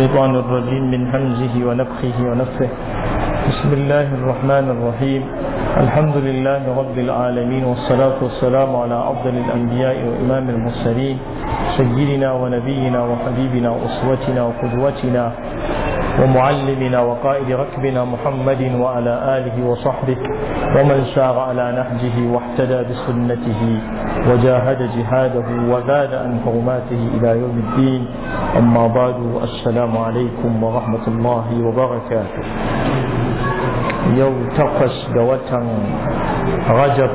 الشيطان الرجيم من همزه ونفخه ونفخه بسم الله الرحمن الرحيم الحمد لله رب العالمين والصلاة والسلام على أفضل الأنبياء وإمام المرسلين سيدنا ونبينا وحبيبنا وأسوتنا وقدوتنا ومعلمنا وقائد ركبنا محمد وعلى آله وصحبه ومن سار على نهجه واحتدى بسنته وجاهد جهاده وزاد عن حرماته إلى يوم الدين أما بعد السلام عليكم ورحمة الله وبركاته يوم تقص دوتا رجب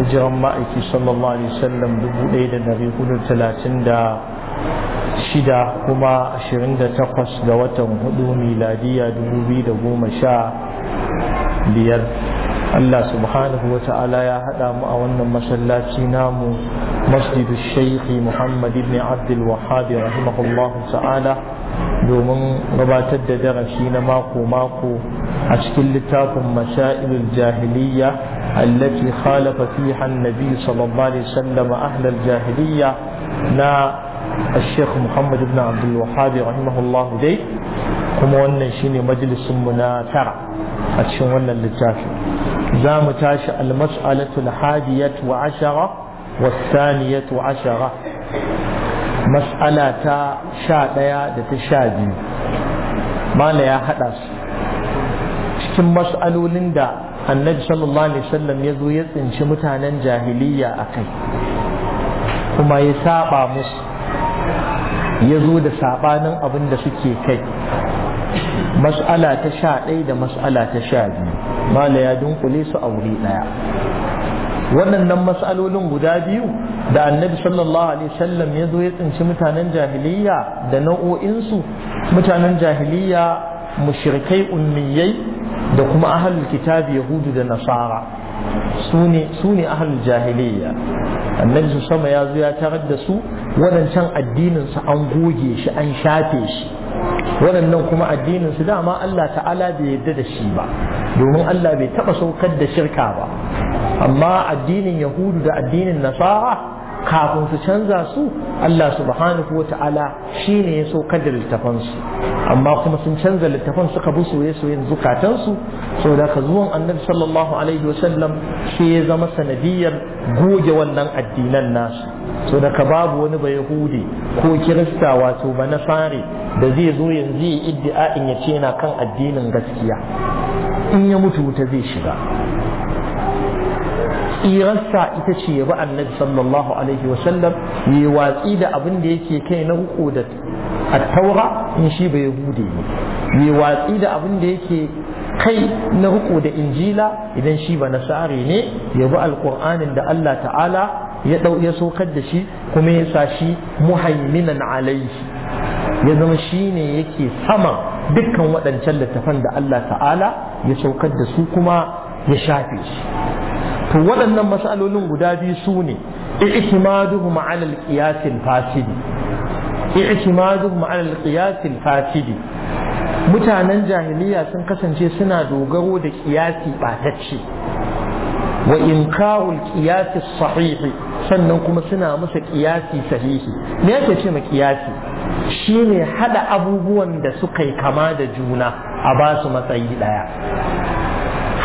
hijiran ma'aiki صلى الله عليه وسلم ɗaya النبي قلت hudu talatin shida kuma ashirin da takwas ga watan hudu miladiya dubu biyu da goma sha biyar Allah subhanahu wa ta'ala ya haɗa mu a wannan masallaci namu masjidu shaikhi Muhammad ibn Abdul Wahhab rahimahullahu ta'ala domin gabatar da darasi na mako-mako a cikin littafin mashailul jahiliya allati khalafa fiha an-nabi sallallahu alaihi wasallam ahlal jahiliya na shek محمد بن عبد الوهاب رحمه الله دي kuma wannan shine majalisunmu na tara a cikin wannan littafi za mu tashi almas'alatul hadiyat wa ashara wasaniyat wa ashara mas'ala ta sha ɗaya da ta sha biyu mala ya haɗa su cikin mas'alolin da annabi sallallahu alaihi wasallam ya zo ya tsinci mutanen jahiliya a kai kuma ya saba musu ya zo da sabanin abin da suke kai mas'ala ta sha ɗaya da mas'ala ta sha biyu mala ya dunkule su a wuri ɗaya waɗannan mas'alolin guda biyu da annabi sallallahu alaihi wasallam ya zo ya tsinci mutanen jahiliya da nau'o'insu mutanen jahiliya mushrikai ummiyai da kuma ahlul kitabi yahudu da nasara su ne ahlul jahiliya annabi sama ya zo ya tarar da su waɗancan addininsu an goge shi an shafe shi waɗannan kuma addininsu dama Allah ta'ala bai yarda da shi ba domin Allah bai taɓa saukar da shirka ba amma addinin yahudu da addinin nasara kafin su canza su Allah subhanahu wa ta'ala shi ne ya saukar da su. amma kuma sun canza littafan suka bi soye-soyen zukatansu da ka zuwan annabi sallallahu alaihi wa sallam shi ya zama sanadiyar goge wannan addinan nasu da ka babu wani ba yahudi ko kirista wato ba fare da zai zo yanzu ya in ya ce na kan addinin gaskiya in ya mutu wuta zai shiga tsirarsa ita ce ya bi annabi sallallahu alaihi wasallam yi watsi da abin da yake kai na ruko da attaura in shi bai hude ne yi watsi da abin da yake kai na ruko da injila idan shi ba nasare ne ya bi alkur'anin da Allah ta'ala ya dau ya sokar da shi kuma ya sa shi muhaiminan alaihi ya zama shi ne yake sama dukkan waɗancan littafan da Allah ta'ala ya saukar da su kuma ya shafe shi to waɗannan masalolin guda biyu su ne i'timaduhum ala al-qiyas al-fasid i'timaduhum ala al-qiyas al-fasid mutanen jahiliya sun kasance suna dogaro da qiyasi batacce wa inkarul qiyas as-sahih sannan kuma suna masa qiyasi sahihi me yake ce ma qiyasi shine hada abubuwan da suka yi kama da juna a basu matsayi daya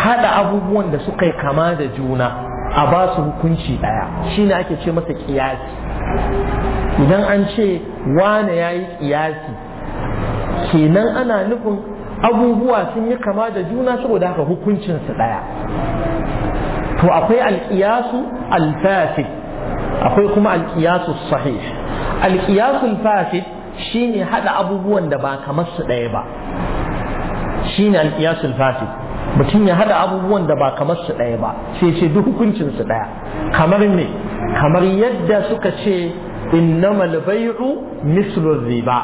haɗa abubuwan da suka yi kama da juna a ba su hukunci ɗaya shi ne ake ce masa ƙiyasi idan an ce wane ya yi ƙiyasi kenan ana nufin abubuwa sun yi kama da juna saboda haka hukuncinsu ɗaya to akwai alƙiyasu alfasid akwai kuma alƙiyasu sahih alƙiyasu alfasid shine haɗa abubuwan da ba kamar su ɗaya ba shine alƙiyasu alfasid mutum ya hada abubuwan da ba kamar su ɗaya ba sai ce duk hukuncin su ɗaya kamar kamar yadda suka ce innamal bai'u mislu riba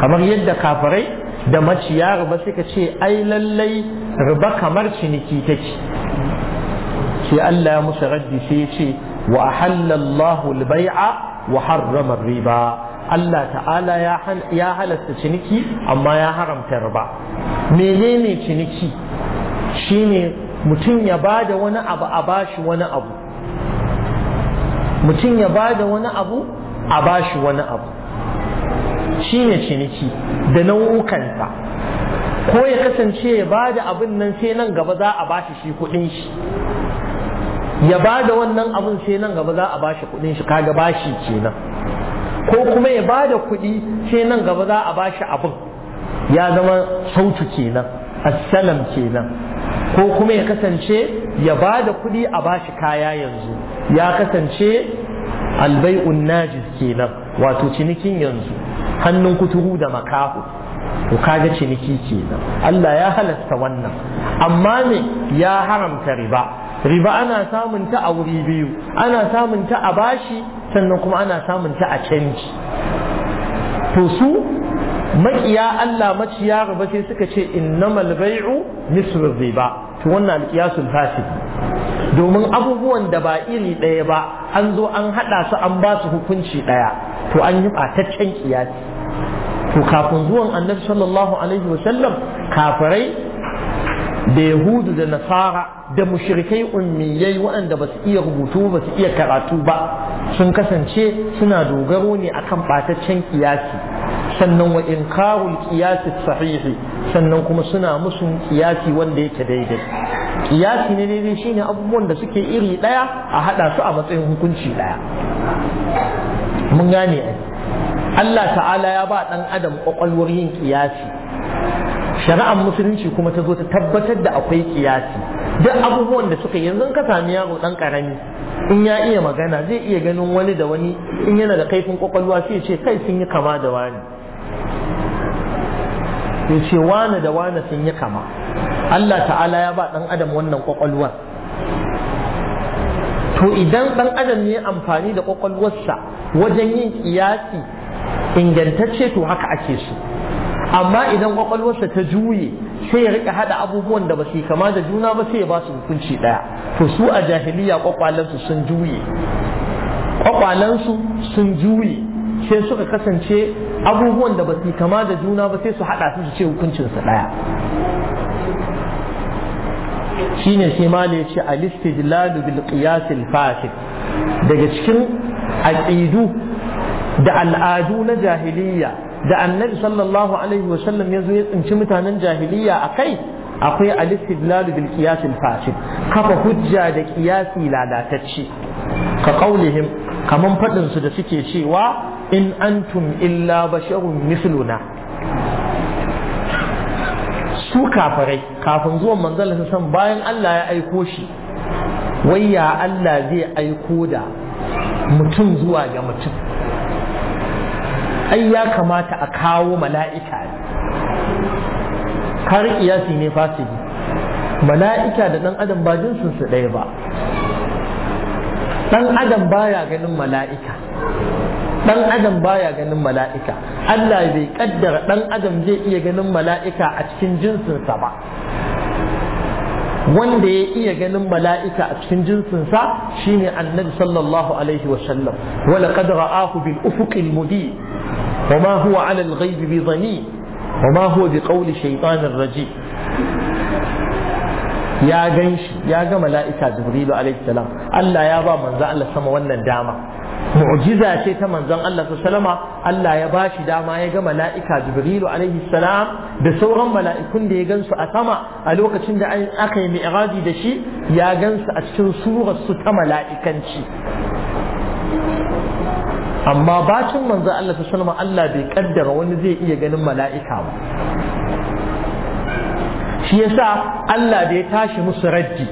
kamar yadda kafirai da maciya riba suka ce ai lallai riba kamar ciniki take sai Allah ya musu raddi sai ya ce wa ahallallahu al-bai'a wa harrama riba Allah ta'ala ya halasta ciniki amma ya haramta riba menene ciniki shine mutum ya ba da wani abu a bashi wani abu mutum ya ba da wani abu a bashi wani abu shine ciniki da nau'ukanta. ko ya kasance ya ba da abin nan sai nan gaba za a bashi shi kuɗin shi ya ba da wannan abin sai nan gaba za a bashi kuɗin shi kaga bashi kenan ko kuma ya ba da kuɗi sai nan gaba za a bashi abin ya zama sautu kenan assalam kenan ko kuma ya kasance ya bada kuɗi a bashi kaya yanzu ya kasance albai'un najis kenan wato cinikin yanzu hannun kuturu da makahu to kaga ciniki kenan Allah ya halasta wannan amma ne ya haramta riba riba ana samun ta a wuri biyu ana samun ta a bashi sannan kuma ana samun ta a canji to su makiya Allah maciya riba sai suka ce innamal bai'u misru riba to wannan alqiyasul fasid domin abubuwan da ba iri ɗaya ba an zo an haɗa su an ba su hukunci ɗaya to an yi ɓataccen kiyasi to kafin zuwan annabi sallallahu alaihi wasallam kafirai da yahudu da nasara da mushrikai ummiyai waɗanda ba su iya rubutu ba su iya karatu ba sun kasance suna dogaro ne akan ɓataccen kiyasi sannan wa inkarul kiyasi sahihi sannan kuma suna musu kiyasi wanda yake daidai kiyasi ne daidai shine abubuwan da suke iri ɗaya a haɗa su a matsayin hukunci ɗaya mun gane Allah ta'ala ya ba ɗan adam ƙwaƙwalwar yin kiyasi shari'ar musulunci kuma ta zo ta tabbatar da akwai kiyasi duk abubuwan da suka yanzu ka sami yaro dan karami in ya iya magana zai iya ganin wani da wani in yana da kaifin kwakwalwa sai ya ce kai sun yi kama da wani ya ce wani da wani sun yi kama Allah ta'ala ya ba dan adam wannan kwakwalwar to idan dan adam ne amfani da kwakwalwarsa wajen yin kiyasi ingantacce to haka ake so amma idan kwakwalwarsa ta juye sai ya rika hada abubuwan da ba su kama da juna ba sai ya ba su hukunci daya to su a jahiliya kwakwalansu sun juye kwakwalansu sun juye sai suka kasance abubuwan da ba su kama da juna ba sai su hada su su ce hukuncinsa daya shine sai ma ne ce al-istidlalu bil qiyas fasid daga cikin aqidu da al'adu na jahiliya da annabi sallallahu alaihi wasallam ya zo ya tsinci mutanen jahiliya a kai akwai alistidlalu bil qiyas fasid kafa hujja da qiyasi lalatacce ka qaulihim kaman fadin su da suke cewa in antum illa basharun misluna su kafirai kafin zuwan manzon san bayan Allah ya aiko shi wayya Allah zai aiko da mutum zuwa ga mutum ai ya kamata a kawo mala'ika ne. har iyasi ne fasidi mala'ika da ɗan adam ba jinsin su ɗaya ba ɗan adam baya ganin mala'ika ɗan adam baya ganin mala'ika Allah bai kaddara ɗan adam zai iya ganin mala'ika a cikin jinsinsa ba wanda ya iya ganin mala'ika a cikin jinsinsa shine annabi sallallahu alaihi wasallam wala qad ra'ahu bil ufuqil mubin wa ma huwa 'ala al ghaibi bi dhanin wa ma huwa bi qawli shaytanir raji ya gan shi ya ga mala'ika jibrilu alaihi salam Allah ya ba manzo Allah sama wannan dama mu'jiza ce ta manzon Allah sallama Allah ya bashi dama ya ga mala'ika Jibrilu alaihi salam da sauran mala'ikun da ya gansu a sama a lokacin da aka yi mi'raji da shi ya gansu a cikin surar su ta mala'ikanci amma bacin manzon Allah sallama Allah bai kaddara wani zai iya ganin mala'ika ba shi yasa Allah da ya tashi musu raddi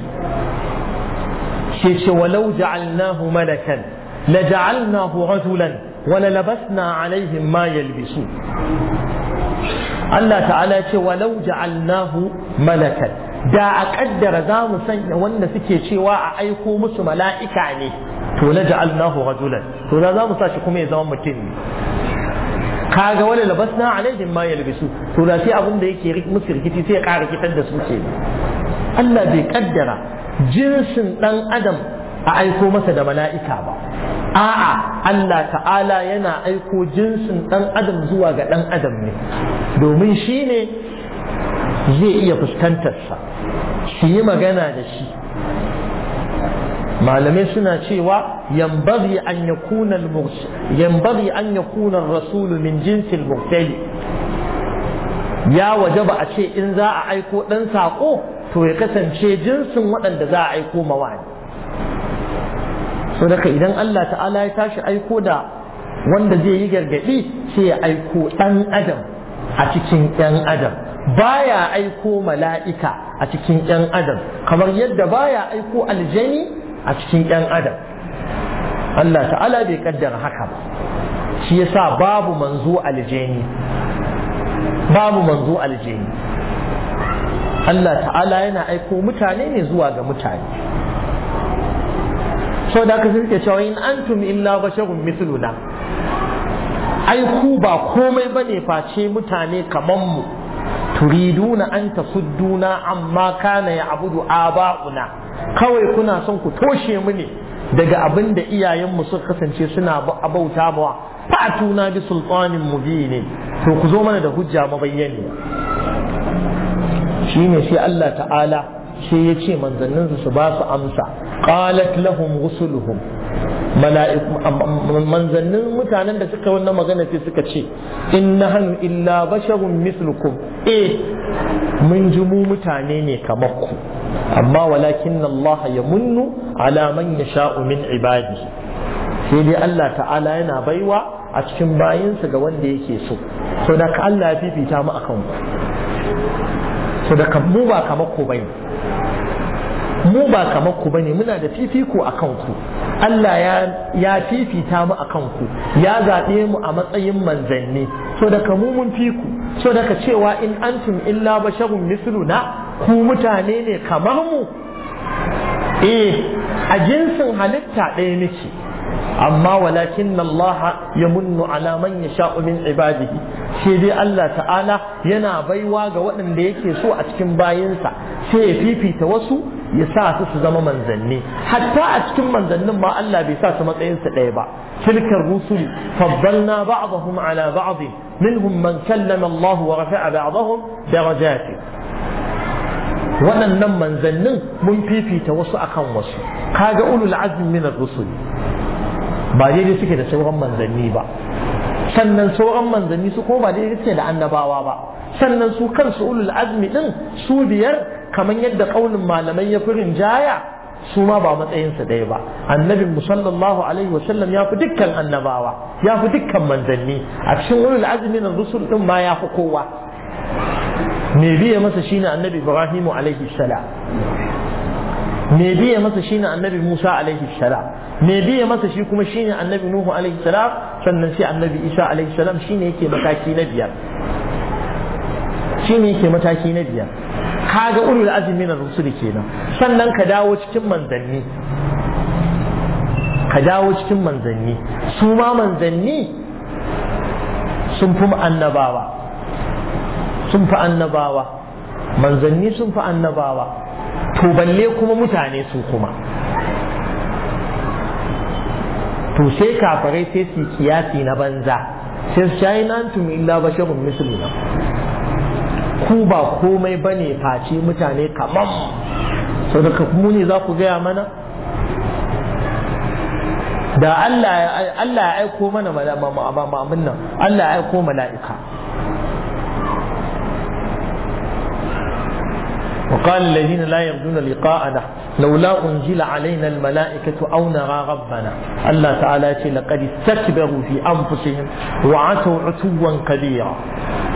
shi ce walau ja'alnahu malakan لجعلناه عذلا وللبسنا عليهم ما يلبسون الله تعالى يقول ولو جعلناه ملكا دا أقدر زام سن وانا سكي شوا أيكو مسو ملائكة عني تو لجعلناه رجلا تو لازام ساشي كمي زمان مكين كاغا ولا لبسنا عليهم ما يلبسون تو لا سي أبن يريك مسر كتي سي قاعد يتندس مكين الله بيقدر جنس لن أدم أيكو مسد ملائكة a'a Allah ta'ala yana aiko jinsin ɗan adam zuwa ga ɗan adam ne domin shi ne zai iya fuskantarsa su yi magana da shi malamai suna cewa yambari an ya kunan rasulu min jinsil mursali ya waje ba a ce in za a aiko ɗan sako to ya kasance jinsin waɗanda za a aiko mawa so daga idan Allah ta'ala ya tashi aiko da wanda zai yi gargaɗi sai ya aiko ɗan adam a cikin ɗan adam baya aiko mala'ika a cikin ɗan adam kamar yadda baya aiko aljani a cikin ɗan adam Allah ta'ala bai kaddara haka ba shi yasa babu manzo aljani babu manzo aljani Allah ta'ala yana aiko mutane ne zuwa ga mutane saboda haka sun ce cewa in antum illa basharun mithluna ai ku ba komai bane face mutane kaman mu turiduna an tasudduna amma kana ya abudu aba'una kawai kuna son ku toshe mu ne daga abin da iyayenmu suka kasance suna abauta bawa tuna bi sultanin mubini to ku zo mana da hujja mabayyani shine sai Allah ta'ala sai ya ce manzanninsa su ba su amsa qalat lahum rusuluhum manzannin mutanen da suka wannan magana sai suka ce in hanu illa basharun mislukum eh mun ji mu mutane ne kamar ku amma walakin Allah ya munnu ala man yasha'u min ibadi sai dai Allah ta'ala yana baiwa a cikin bayinsa ga wanda yake so so da Allah ya fifita mu akan ku so da mu ba kamar ku bane mu ba kamar ku bane muna da fifiko a kanku Allah ya fifita mu a kanku ya zaɓe mu a matsayin manzanni so daga mu mun fiku. so daga cewa in antum illa basharun misluna ku mutane ne kamar mu eh a jinsin halitta ɗaya nake amma walakin Allah ya munnu ala man yasha'u min ibadihi sai dai Allah ta'ala yana baiwa ga waɗanda yake so a cikin bayinsa sai ya fifita wasu ya sa su su zama manzanni hatta a cikin manzannin ma Allah bai sa su matsayin su ɗaya ba tilkar rusul faddalna ba'dahum ala ba'd minhum man kallama Allah wa rafa'a ba'dahum darajati waɗannan manzannin mun fifita wasu akan wasu kaga ulul azmi min ar-rusul ba daidai suke da sauran manzanni ba sannan sauran manzanni su kuma ba daidai suke da annabawa ba sannan su kansu ulul azmi din su biyar kamar yadda kaulin malamai ya firin jaya su ma ba matsayinsa ɗaya ba annabin mu sallallahu alaihi wa sallam ya fi dukkan annabawa ya fi dukkan manzanni a cikin ulul azmi na rusul din ma ya fi kowa me biya masa shine annabi ibrahimu alaihi salam me biya masa shine annabi musa alaihi salam me biye masa shi kuma shine annabi nuhu alaihi salam sannan sai annabi isa alaihi salam shine yake mataki na biyar shine yake mataki na biyar kaga ulul azmi na rusul kenan sannan ka dawo cikin manzanni ka dawo cikin manzanni su ma manzanni sun fi annabawa sun fi annabawa manzanni sun fi annabawa to balle kuma mutane su kuma to sai kafarai sai su kiyasi na banza sai su shayi na antum illa ba basharun na ku ba komai bane face mutane kamar sau da mu ne za ku gaya mana da Allah ya aiko mana abin nan Allah ya aiko mala'ika وقال الذين لا يرجون لقاءنا لولا أنزل علينا الملائكة أو نرى ربنا الله تعالى لقد استكبروا في أنفسهم وعتوا عتوا كبيرا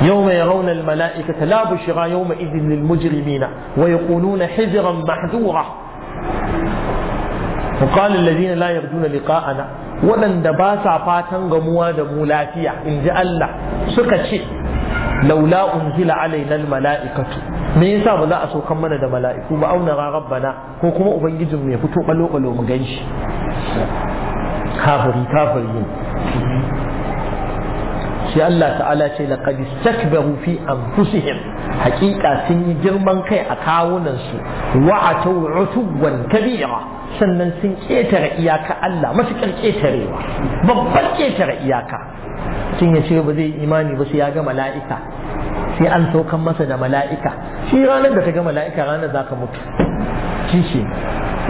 يوم يرون الملائكة لا بشرى يومئذ للمجرمين ويقولون حجرا محذورا وقال الذين لا يرجون لقاءنا ولن دباسا فاتن غموا دمو لافيا إن جاء الله سكتشي لولا أنزل علينا الملائكة me yasa ba za a saukan mana da mala'iku ba auna bana ko kuma ubangijin ya fito balo balo mu gan ganshi kafiri kafiri sai Allah ta'ala ce laqad istakbaru fi anfusihim haqiqa sun yi girman kai a kawunan su wa atu utuwan kabira sannan sun ketare iyaka Allah matukar ketarewa babban ketare iyaka tun ya ba zai imani ba sai ya ga mala'ika sai an saukan masa da mala'ika shi ranar da ka ga mala'ika ranar za ka mutu shi shi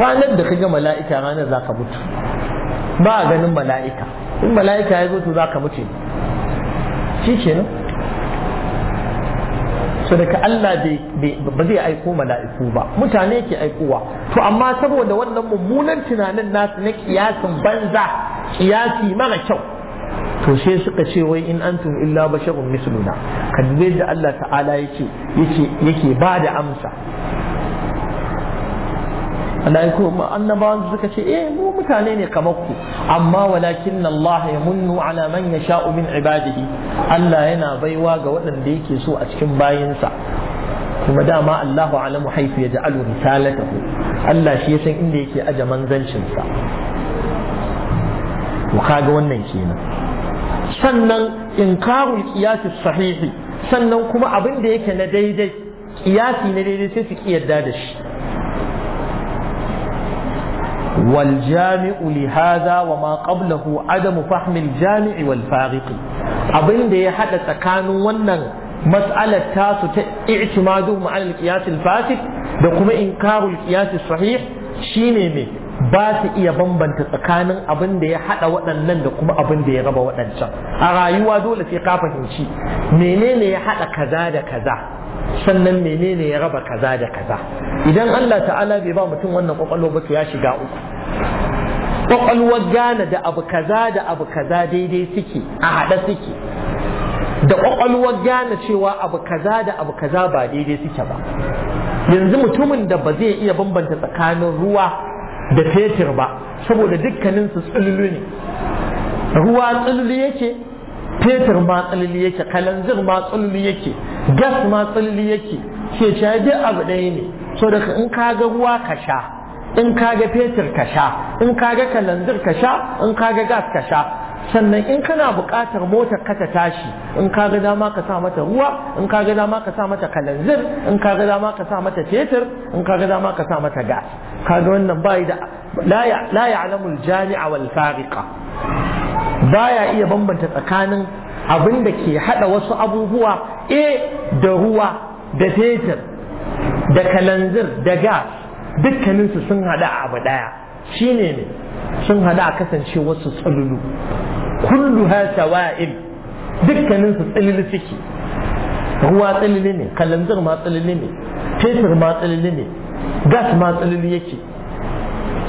ranar da ka ga mala'ika ranar za ka mutu ba ganin mala'ika in mala'ika ya zo to za ka mutu shi kenan so daga Allah ba zai aiko mala'iku ba mutane ke aikowa to amma saboda wannan mummunan tunanin nasu na kiyasin banza kiyasi mara kyau to sai suka ce wai in antum illa basharun misluna kan da Allah ta'ala yake yake yake ba da amsa malaiku annabawan suka ce eh mu mutane ne kamar ku amma walakin Allah ya munnu ala man yasha'u min ibadihi Allah yana baiwa ga waɗanda yake so a cikin bayinsa kuma dama Allahu alamu haifu ya ja'alu risalatahu Allah shi ya san inda yake aje manzancinsa mu kaga wannan kenan sannan inkarul qiyasi sahihi sannan kuma abin da yake na daidai qiyasi na daidai sai su kiyarda da shi والجامع لهذا وما قبله عدم فهم الجامع والفارق abin abinda ya haɗa tsakanin wannan mas'alar tasu ta i'timaduhum ala al-qiyas al-fasid da kuma inkarul qiyas sahih shine me ba su iya bambanta tsakanin abin da ya haɗa waɗannan da kuma abin da ya raba waɗancan a rayuwa dole sai ka fahimci menene ya haɗa kaza da kaza sannan menene ya raba kaza da kaza idan Allah ta'ala bai ba mutum wannan kwakwalwa ba to ya shiga uku kwakwalwar gane da abu kaza da abu kaza daidai suke a haɗa suke da kwakwalwar gane cewa abu kaza da abu kaza ba daidai suke ba yanzu mutumin da ba zai iya bambanta tsakanin ruwa da fetur ba saboda dukkaninsu tsululu ne ruwa tsululu yake fetur ma tsululu yake kalanzir ma tsululu yake gas ma tsululu yake ke sha abu ɗaya ne so in ka ga ruwa ka sha in ka ga fetur ka sha in ka ga kalanzir ka sha in ka ga gas ka sha sannan in kana buƙatar motar ka ta tashi in ka ga dama ka sa mata ruwa in ka ga dama ka sa mata kalanzir in ka ga dama ka sa mata fetur in ka ga dama ka sa mata gas ka ga wannan bai da la ya'lamu al-jami'a wal fariqa baya iya bambanta tsakanin abin da ke hada wasu abubuwa e da ruwa da fetur da kalanzir da gas dukkaninsu sun hada abu daya shine ne sun hada a kasance wasu tsalulu kulluha sawa'il dukkanin su tsilili suke ruwa tsilili ne ma tsilili fetur ma tsilili gas ma tsilili yake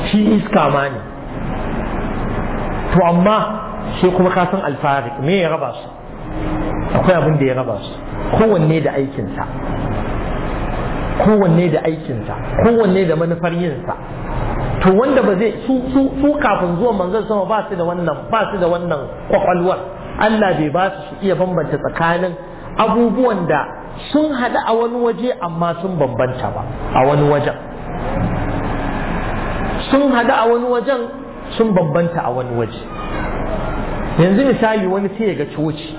shi iska ma ne to amma kuma ka san alfarik me ya raba su akwai abin da ya raba su kowanne da aikinsa kowanne da manufar yinsa to wanda ba zai su su kafin zuwan manzon sama ba su da wannan ba su da wannan kwakwalwar Allah bai ba su iya bambanta tsakanin abubuwan da sun haɗu a wani waje amma sun bambanta ba a wani wajen sun haɗu a wani wajen sun bambanta a wani waje yanzu misali wani sai ya ga coci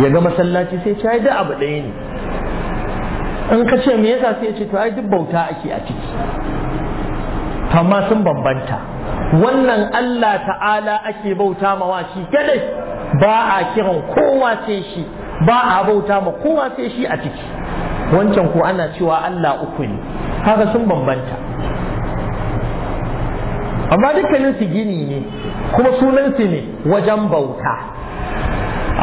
ya ga masallaci sai ce ai abu ɗaya ne in ka ce me yasa sai ya ce to ai duk bauta ake a ciki amma sun bambanta wannan Allah ta'ala ake bauta mawa shi kadai ba a kiran kowa sai shi ba a bauta ma kowa sai shi a ciki wancan ko ana cewa Allah uku ne kaga sun bambanta amma dukkanin su gini ne kuma sunan su ne wajen bauta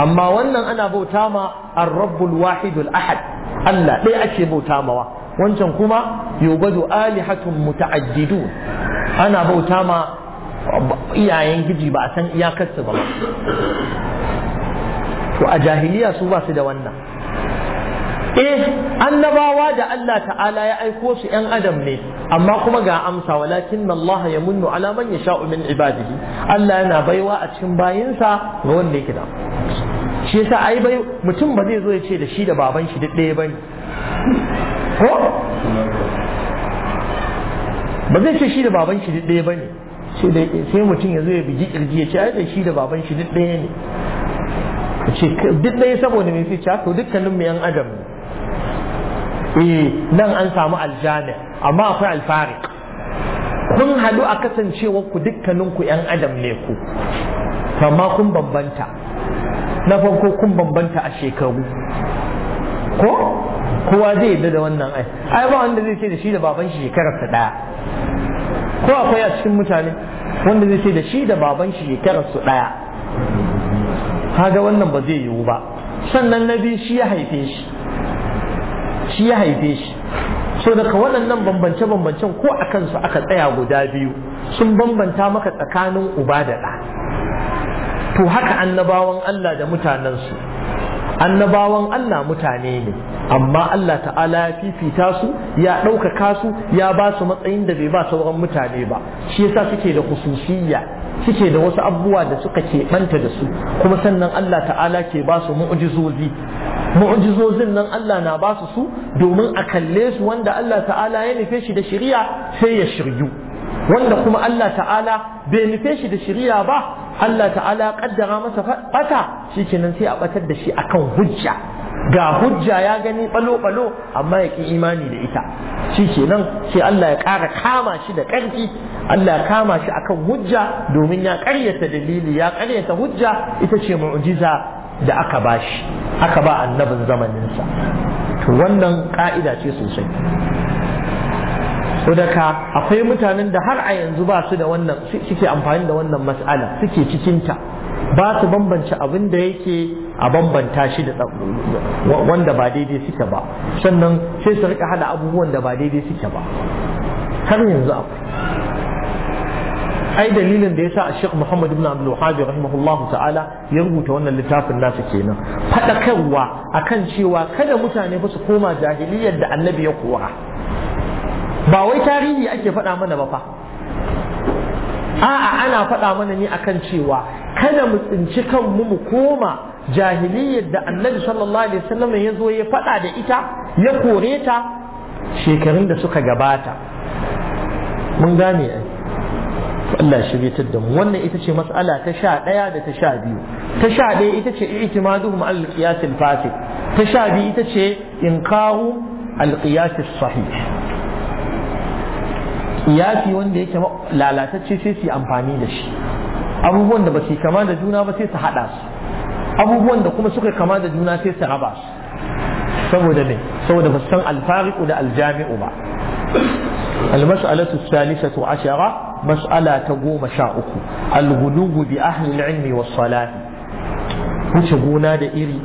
amma wannan ana bauta ma ar-rabbul wahidul ahad Allah ɗaya ake bauta mawa wancan kuma yubadu alihatun muta'addidu ana bauta ma iyayen giji ba a san iyakarsu ba to a jahiliya su ba su da wannan eh annabawa da Allah ta'ala ya aiko su ‘yan adam ne amma kuma ga amsa walakin Allah ya munnu ala man ya sha'u min ibadihi Allah yana baiwa a cikin bayinsa ga wanda yake da shi yasa ai bai mutum ba zai zo ya ce da shi da baban shi duk ɗaya bane ko ba zai ce shi da baban shi ɗaya ba ne sai mutum ya zo ya bigi kirji ya ce ai da shi da baban shi ɗaya ne ce duk ɗaya saboda me sai ce to dukkanin mu yan adam ne eh nan an samu aljami amma akwai alfarik kun haɗu a kasancewa ku dukkanin ku yan adam ne ku amma kun bambanta na farko kun bambanta a shekaru ko kowa zai yarda da wannan ai ai ba wanda zai ce da shi da baban shi shekarar su daya ko akwai a cikin mutane wanda zai ce da shi da baban shi shekarar su daya kaga wannan ba zai yiwu ba sannan na biyu shi ya haife shi shi ya haife shi so daga waɗannan bambance-bambancen ko a kansu aka tsaya guda biyu sun bambanta maka tsakanin uba da ɗa to haka annabawan Allah da mutanensu annabawan Allah mutane ne amma Allah ta'ala ya fifita su ya ɗaukaka su ya ba su matsayin da bai ba sauran mutane ba shi yasa suke da hususiyya suke da wasu abubuwa da suka keɓanta da su kuma sannan Allah ta'ala ke ba su mu'jizozi mu'jizozin nan Allah na ba su su domin a kalle su wanda Allah ta'ala ya nufe shi da shiriya sai ya shiryu wanda kuma Allah ta'ala bai nufe shi da shiriya ba Allah ta'ala kaddara masa bata shikenan sai a batar da shi akan hujja ga hujja ya gani balo balo amma ya ki imani da ita shikenan sai Allah ya kara kama shi da karfi Allah ya kama shi akan hujja domin ya ƙaryata dalili ya ƙaryata hujja ita ce mu'jiza da aka ba shi, aka ba annabin zamaninsa to wannan ka'ida ce sosai saboda akwai mutanen da har a yanzu ba su da wannan suke amfani da wannan mas'ala suke cikinta ba su bambance abin da yake a bambanta shi da wanda ba daidai suke ba sannan sai su rika hada abubuwan da ba daidai suke ba har yanzu akwai ai dalilin da yasa Sheikh Muhammad ibn Abdul Wahhab rahimahullahu ta'ala ya rubuta wannan littafin nasa kenan fadakarwa akan cewa kada mutane ba su koma jahiliyar da annabi ya kora ba wai tarihi ake faɗa mana ba fa a'a ana faɗa mana ne akan cewa kada mu tsinci kanmu mu koma jahiliyyar da annabi sallallahu alaihi wasallam ya zo ya faɗa da ita ya kore ta shekarun da suka gabata mun gane ai Allah shiryatar da mu wannan ita ce mas'ala ta sha ɗaya da ta sha biyu ta sha ɗaya ita ce i'timaduhum al qiyas al fasid ta sha biyu ita ce inqahu al qiyas al sahih yafi wanda yake lalatacce sai su amfani da shi abubuwan da ba su kama da juna ba sai su haɗa su abubuwan da kuma suka kama da juna sai su raba su saboda me saboda ba san alfari'u da aljami'u ba ta goma sha uku. تقوم شاؤك الغلو بأهل العلم والصلاة wuce gona da iri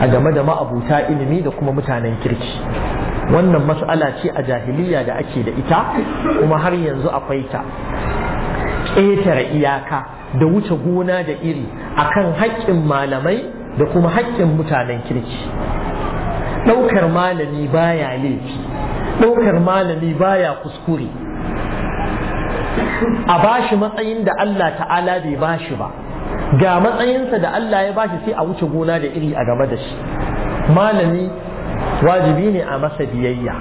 a game da ma'abuta ilimi da kuma mutanen kirki wannan mas'ala ce a jahiliya da ake da ita kuma har yanzu akwai ta ƙetare iyaka da wuce gona da iri a kan haƙƙin malamai da kuma haƙƙin mutanen kirki ɗaukar malami baya laifi ɗaukar malami baya kuskure a bashi matsayin da Allah ta'ala bai bashi ba ga matsayinsa da Allah ya bashi sai a wuce gona da iri a game da shi malami wajibi ne a masa biyayya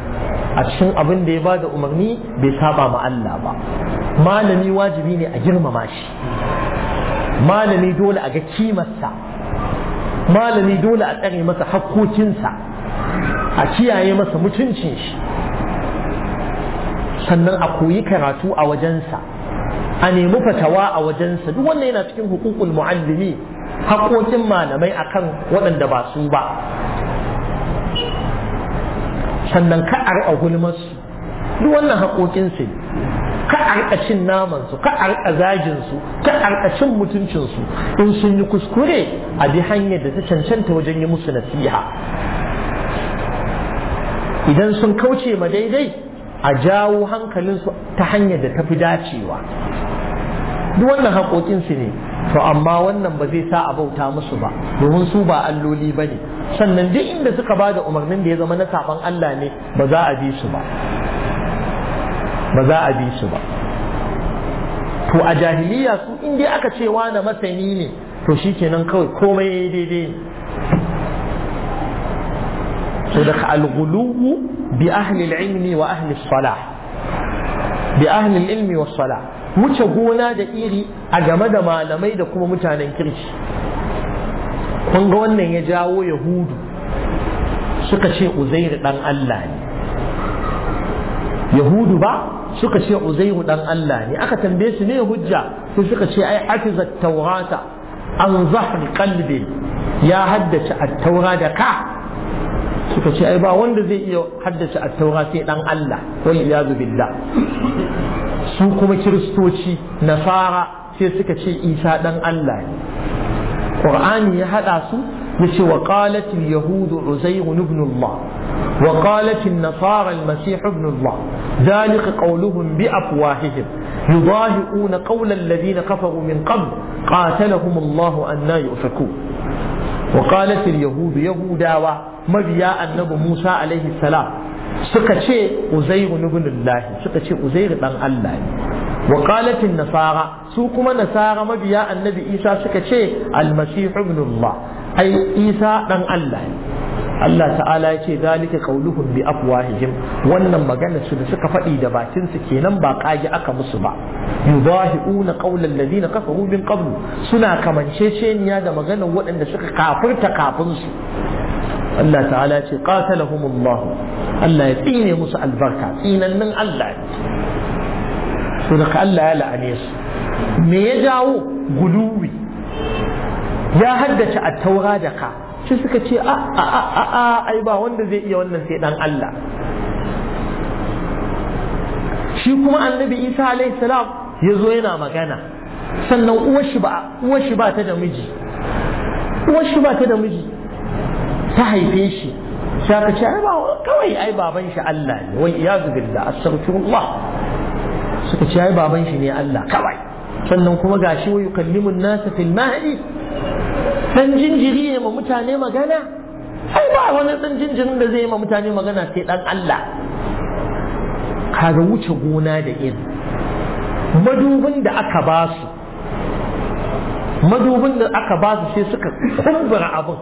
a cikin abin da ya ba da umarni bai saba ma Allah ba malami wajibi ne a girmama shi malami dole a ga kimarsa malami dole a tsare masa hakkokinsa a kiyaye masa mutuncin shi sannan a koyi karatu a wajensa a nemi fatawa a wajensa duk wanda yana cikin hukukul mu'allimi hakkokin malamai akan waɗanda ba su ba sannan ka a riƙa gulmarsu duk wannan haƙoƙinsu ne ka a riƙa cin namansu ka a riƙa ka a riƙa cin mutuncinsu in sun yi kuskure a bi hanyar da ta cancanta wajen yi musu nasiha idan sun kauce ma daidai a jawo hankalinsu ta hanyar da ta fi dacewa duk wannan haƙoƙinsu ne to amma wannan ba zai sa a bauta musu ba domin su ba alloli ba ne sannan duk inda suka ba da umarnin da ya zama na saban Allah ne ba za a bi su ba ba za a bi su ba to a jahiliya su in dai aka ce na masani ne to shikenan kawai komai daidai ne so daga alghuluwu bi ahli ilmi wa ahli salah bi ahli ilmi wa salah wuce gona da iri a game da malamai da kuma mutanen kirki kun ga wannan ya jawo yahudu suka ce uzairu dan Allah ne yahudu ba suka ce uzairu dan Allah ne aka tambaye su ne hujja sai suka ce ai hafizat tawrata an zahri qalbi ya haddace at-taura da ka suka ce ai ba wanda zai iya haddace at-taura sai dan Allah wal iyazu billah su kuma kiristoci nasara sai suka ce isa dan Allah ne قرآن هذا سو يسي وقالت اليهود عزيغ ابن الله وقالت النصارى المسيح ابن الله ذلك قولهم بأفواههم يضاهئون قول الذين كفروا من قبل قاتلهم الله أن لا يؤفكون وقالت اليهود يهودا ما بياء موسى عليه السلام سكتشي عزيغ ابن الله سكتشي عزيغ بن الله وقالت النصارى su kuma nasara mabiya annabi isa suka ce almasihu ibnullah ai isa dan allah Allah ta'ala ya ce zalika qauluhum bi afwahihim wannan magana su da suka faɗi da bakin su kenan ba kage aka musu ba yudahiuna qawla alladhina kafaru min qabl suna kamanceceniya da maganar waɗanda suka kafirta kafin su Allah ta'ala ya ce qatalahum Allah Allah ya tsine musu albarka tsinannin Allah to daga Allah ya la'ane su me ya jawo guluwi ya haddace a taura da ka shi suka ce a a a a ai ba wanda zai iya wannan sai dan Allah shi kuma annabi Isa alaihi salam ya zo yana magana sannan uwar shi ba uwar shi ba ta da miji uwar shi ba ta da miji ta haife shi sai ka ce ai ba kawai ai baban shi Allah ne wai iyazu billah astaghfirullah suka ce ai baban shi ne Allah kawai sannan kuma gashi wa yukallimun nasa fil mahdi dan jinjiri ne ma mutane magana ai ba wani dan jinjirin da zai yi ma mutane magana sai dan Allah kaga wuce gona da iri madubin da aka ba su madubin da aka ba su sai suka kumbura abin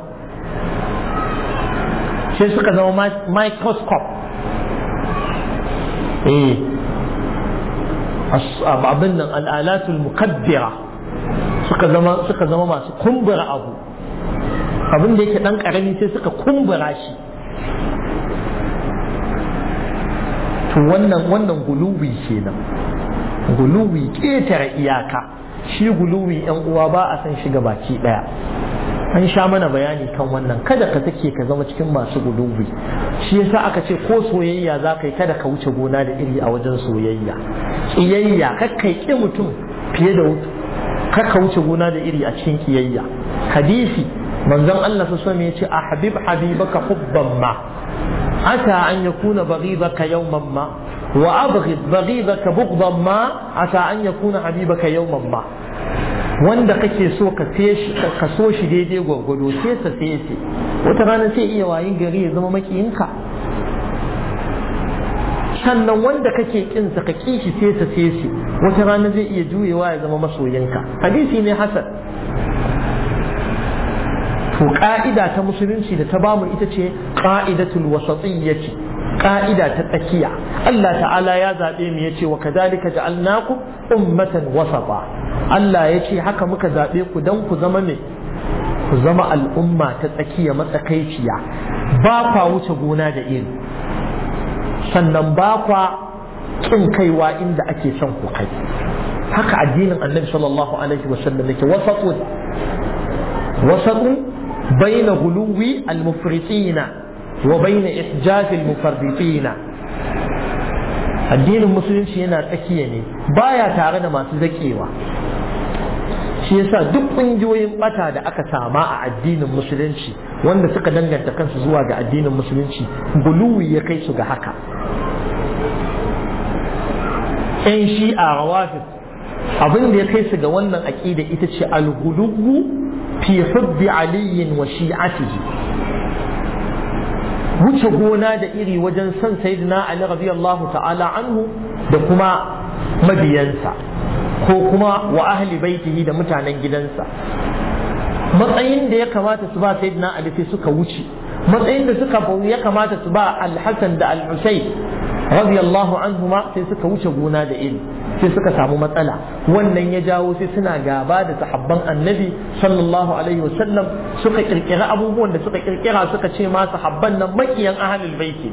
sai suka zama microscope eh abin nan al'alatul mukaddira suka zama masu kumbura abu abin da yake dan karami sai suka kumbura shi to wannan wannan guluwi kenan guluwi ƙetare iyaka shi guluwi yan uwa ba a san shiga baki daya an sha mana bayani kan wannan kada ka take ka zama cikin masu gudubi shi yasa aka ce ko soyayya za ka yi kada ka wuce gona da iri a wajen soyayya kiyayya kakkai ki mutum fiye da kakka wuce gona da iri a cikin kiyayya hadisi manzon Allah su sami ya ce a habib habibaka hubban ma ata an yakuna baghidaka yawman ma wa abghid baghidaka bughdan ma ata an yakuna habibaka yawman ma wanda kake so ka so shi daidai gwargwado sai sa sai sai wata rana sai iya wayin gari ya zama makiyinka sannan wanda kake kinsa ka ƙi shi sai sa sai sai wata rana zai iya juyewa ya zama masoyinka hadisi ne hasan to ka'ida ta musulunci da ta bamu ita ce ka'idatul wasatiyyati ka'ida ta tsakiya Allah ta'ala ya zaɓe mu yace wa kadhalika ja'alnakum ummatan wasata Allah ya ce haka muka zaɓe ku don ku zama ne ku zama al'umma ta tsakiya matsakaiciya ba kwa wuce gona da iri sannan ba kwa kin kaiwa inda ake son ku kai haka addinin annabi sallallahu alaihi wasallam yake wasatun wasatun baina guluwi al-mufritina wa baina ihjaz al-mufarritina addinin musulunci yana tsakiya ne baya tare da masu zakewa shi yasa duk ƙungiyoyin bata da aka sama a addinin musulunci wanda suka danganta kansu zuwa ga addinin musulunci guluwi ya kai su ga haka yan a rawafin abin da ya kai su ga wannan aƙida ita ce alghuluwu fi hubbi aliyin wa shi'atihi wuce gona da iri wajen son sayyidina ali radiyallahu ta'ala anhu da kuma mabiyansa ko kuma wa ahli baitihi da mutanen gidansa matsayin da ya kamata su ba sayyidina ali sai suka wuce matsayin da suka ya kamata su ba al-hasan da al-husayn radiyallahu anhuma sai suka wuce gona da iri sai suka samu matsala wannan ya jawo sai suna gaba da sahabban annabi sallallahu alaihi wasallam suka kirkira abubuwan da suka kirkira suka ce ma sahabban nan makiyan ahlul baiti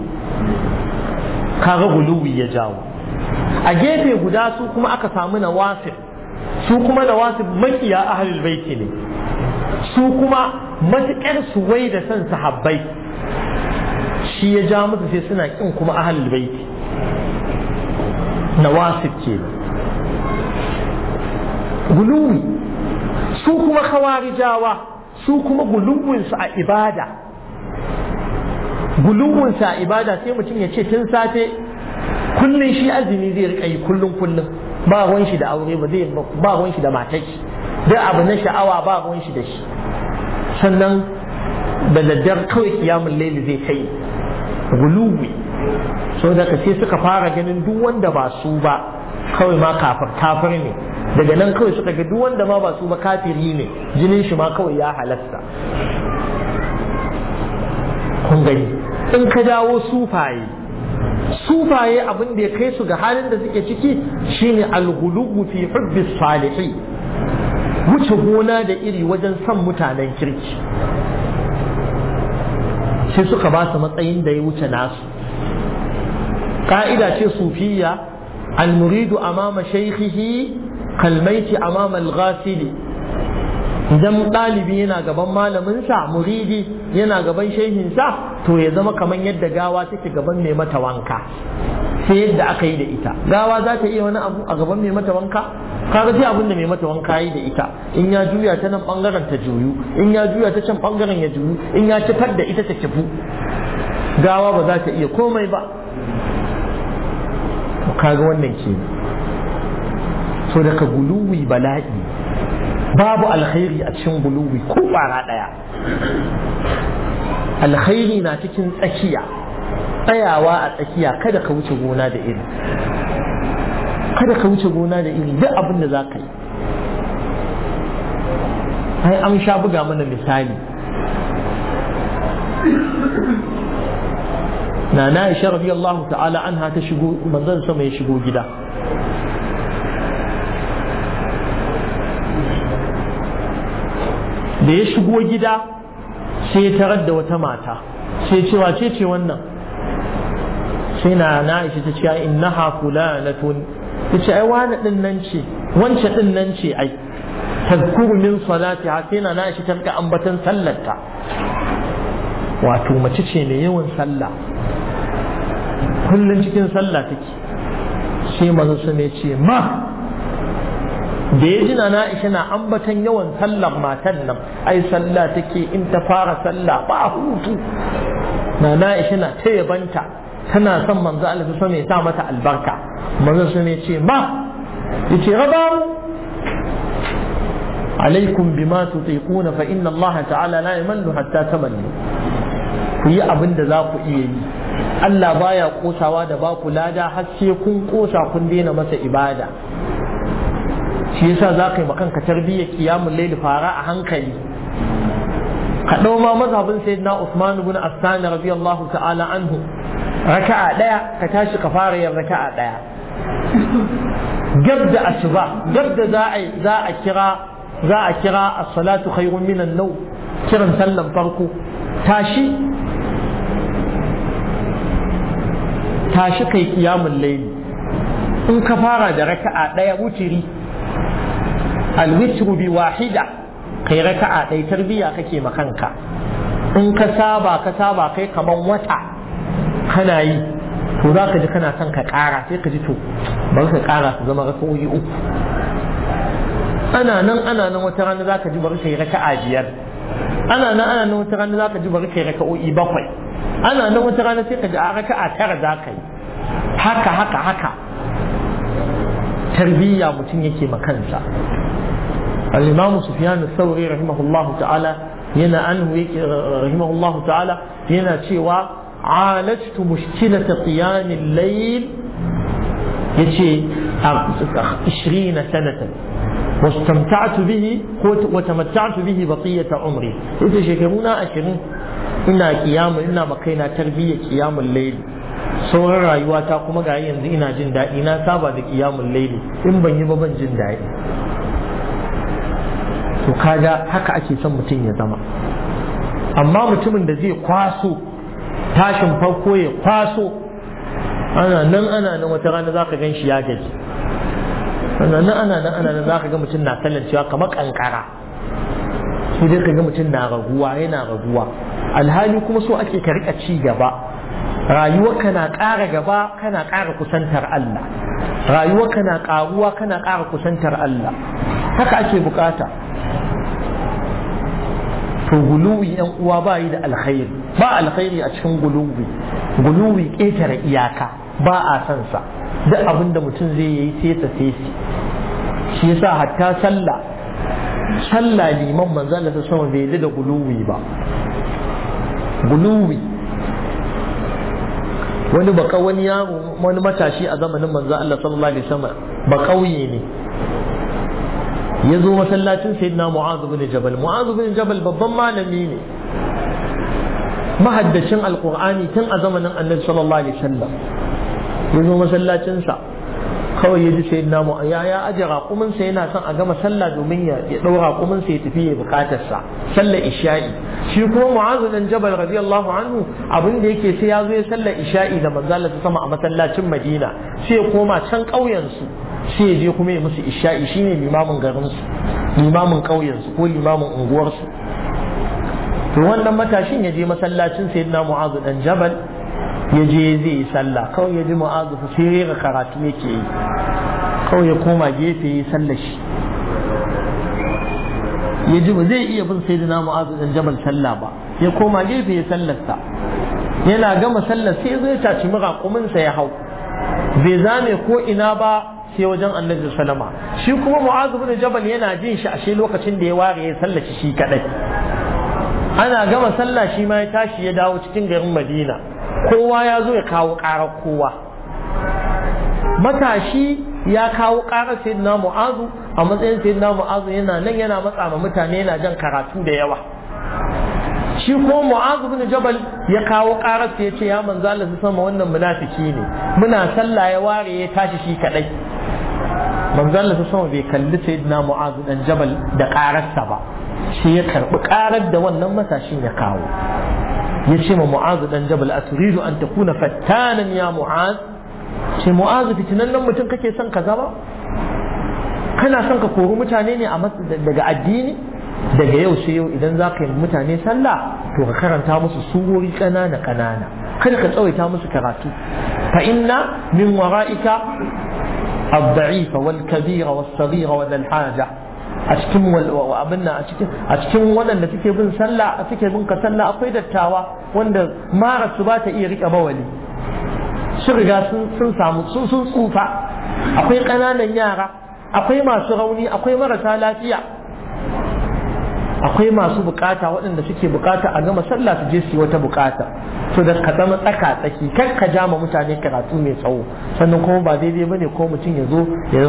kaga guluwi ya jawo a gefe guda su kuma aka samu wasif su kuma wasif makiya ahalil baiti ne su kuma su wai da san sahabbai shi ya ja musu sai suna ƙin kuma ahlul baiti wasif ke gulubi su kuma jawa su kuma gulubinsu a ibada gulubinsu a ibada sai mutum ya ce tun safe kullun shi azumi zai rika yi kullun kullun ba ruwan shi da aure ba zai ba ruwan shi da matar shi duk abu na sha'awa ba ruwan shi da shi sannan da daddar kawai kiyamun laili zai kai guluwi so da ka sai suka fara ganin duk wanda ba su ba kawai ma kafir kafir ne daga nan kawai suka ga duk wanda ma ba su ba kafiri ne jinin shi ma kawai ya halatta kun gani in ka dawo sufaye sufaye abin da ya kai su ga halin da suke ciki shine alghulubu fi hubbi salihi wuce gona da iri wajen son mutanen kirki sai suka ba su matsayin da ya wuce nasu ka'ida ce sufiya al-muridu amama shaykhihi kalmaiti amama al-ghasili idan ɗalibi yana gaban malaminsa muridi yana gaban shehinsa to ya zama kamar yadda gawa take gaban mai mata wanka sai yadda aka yi da ita gawa za ta iya wani abu a gaban mai mata wanka kaga sai abin da mai mata wanka yi da ita in ya juya ta nan bangaren ta juyu in ya juya ta can bangaren ya juyu in ya kifar da ita ta kifu gawa ba za ta iya komai ba kaga wannan ke so daga guluwi bala'i babu alkhairi a cikin bulubi ko kwara ɗaya alkhairi na cikin tsakiya tsayawa a tsakiya kada ka wuce gona da iri kada ka wuce gona da iri duk abin da za ka yi ai an sha buga mana misali na na isha rabi Allah ta'ala an ta shigo sama ya shigo gida da ya shigo gida sai ya tarar da wata mata sai cewa ce ce wannan sai na na ishe ta cewa inna hakula na tuni ta ce ai wani ɗin nan ce wancan ɗin nan ce ai tazkuru min salati ha sai na na ishe ta rika ambatan sallarta wato mace ce mai yawan sallah kullum cikin sallah take sai manzo sun ce ma da ya jina na ishe na ambatan yawan sallar matan nan ai sallah take in ta fara sallah ba hutu na na na ta yabanta tana son manzo Allah sai ya sa mata albarka manzo sai ne ce ma yace raba alaikum bima tutiquna fa inna Allah ta'ala la yamallu hatta tamallu ku yi abin da za ku iya yi Allah baya kosawa da ba ku lada har sai kun kosa kun daina masa ibada shi yasa za ka yi makanka tarbiyya kiyamun laili fara a hankali ka ɗau ma mazhabin na Usman ibn Affan radiyallahu ta'ala anhu raka'a ɗaya ka tashi ka fara yin raka'a ɗaya gab da asuba gab da za a za a kira za a kira as-salatu khayrun min an-naw kiran sallan farko tashi tashi kai qiyamul layl in ka fara da raka'a daya wutiri alwitru bi wahida kai raka'a dai tarbiya kake ma kanka in ka saba ka saba kai kaman wata kana yi to za ka ji kana son ka ƙara sai ka ji to bari ka ƙara su zama raka'o'i uku ana nan ana nan wata rana za ka ji bari ka yi raka'a biyar ana nan ana nan wata rana za ka ji bari ka yi raka'o'i bakwai ana nan wata rana sai ka ji a raka'a tara za ka yi haka haka haka tarbiyya mutum yake ma kansa al-imam sufyan al-thawri rahimahullahu ta'ala yana ta'ala yana cewa alajtu mushkilata qiyam al-layl yace 20 sanatan واستمتعت به وتمتعت به بقية عمري إذا شكرونا أشرين إنا قيام إنا بقينا تربية قيام الليل sauran rayuwa kuma ga yanzu ina jin daɗi na saba da kiyamun layli in ban yi ba ban jin daɗi to kaga haka ake son mutum ya zama amma mutumin da zai kwaso tashin farko ya kwaso ana nan ana nan wata rana za ka gan shi ya gaji ana nan ana nan ana nan za ka ga mutum na tallancewa kamar kankara sai dai ka ga mutum na raguwa yana raguwa alhali kuma so ake ka rika ci gaba rayuwarka na ƙara gaba kana ƙara kusantar Allah rayuwarka na ƙaruwa kana ƙara kusantar Allah haka ake bukata to guluwi yan uwa ba yi da alkhairi ba alkhairi a cikin guluwi guluwi ƙetare iyaka ba a san sa duk abin da mutum zai yi ta sai shi yasa hatta sallah sallah liman manzon da sallallahu bai yi da guluwi ba guluwi wani baka wani yaro wani matashi a zamanin manzon Allah sallallahu alaihi wasallam ba ƙauye ne ya zo masallacin sayyidina mu'azu bin jabal mu'azu bin jabal babban malami ne mahaddacin alqur'ani tun a zamanin annabi sallallahu alaihi wasallam ya zo masallacin sa kawai ya ji sayyidina mu ya ya aje raƙumin sa yana son a gama sallah domin ya ya dau raƙumin sa ya tafi ya bukatar sa sallar isha'i shi kuma mu'azu bin jabal radiyallahu anhu abin da yake sai ya zo ya sallar isha'i da manzo Allah sama a masallacin Madina sai ya koma can ƙauyen su sai je kuma ya musu isha'i shine limamin garinsu limamin ƙauyensu ko limamin unguwarsu to wannan matashin ya je masallacin sayyidina mu'azu dan jabal ya je zai yi sallah kawai ya ji mu'azu fa sai ga karatu yake yi kawai ya koma gefe ya sallah shi ya ji ba zai iya bin sayyidina mu'azu dan jabal sallah ba ya koma gefe ya sallarsa yana gama sallar sai ya zo ya tashi mura kuminsa ya hau bai zame ko ina ba sai wajen annabi sallama shi kuma mu'azu bin jabal yana jin shi ashe lokacin da ya ware ya sallaci shi kadai ana gama sallah shi ma ya tashi ya dawo cikin garin madina kowa ya zo ya kawo karar kowa matashi ya kawo karar na mu'azu a matsayin na mu'azu yana nan yana matsa ma mutane yana jan karatu da yawa shi ko mu'azu bin jabal ya kawo karar ya ce ya manzo Allah sama wannan munafiki ne muna sallah ya ware ya tashi shi kadai manzo Allah sama bai kalli sayyidina Mu'azu dan Jabal da ƙararsa ba shi ya karbi ƙarar da wannan matashin ya kawo ya ce ma Mu'azu dan Jabal aturidu an takuna fattanan ya Mu'az ce Mu'az fitinannen mutum kake son ka zama? kana son ka kori mutane ne a daga addini daga yau sai yau idan za ka yi mutane sallah to ka karanta musu suwori ƙanana ƙanana kada ka tsawaita musu karatu fa inna min wara'ika الضعيف والكبير والصغير وذا الحاجة أشكم وأبنا أشكم أشكم ولا اللي تكي بن سلا تكي بن كسلا أقيد التاوى وند ما رسبات إيريك أبوالي شرقا سن سن سامو سن سن صوفا أقيد قنانا يارا أقيد ما شغوني أقيد ما رسالاتيا akwai masu bukata waɗanda suke bukata a gama sallah su je su yi wata bukata to da ka zama tsaka tsaki kar ka ja ma mutane karatu mai tsawo sannan kuma ba daidai ba ne ko mutum ya zo ya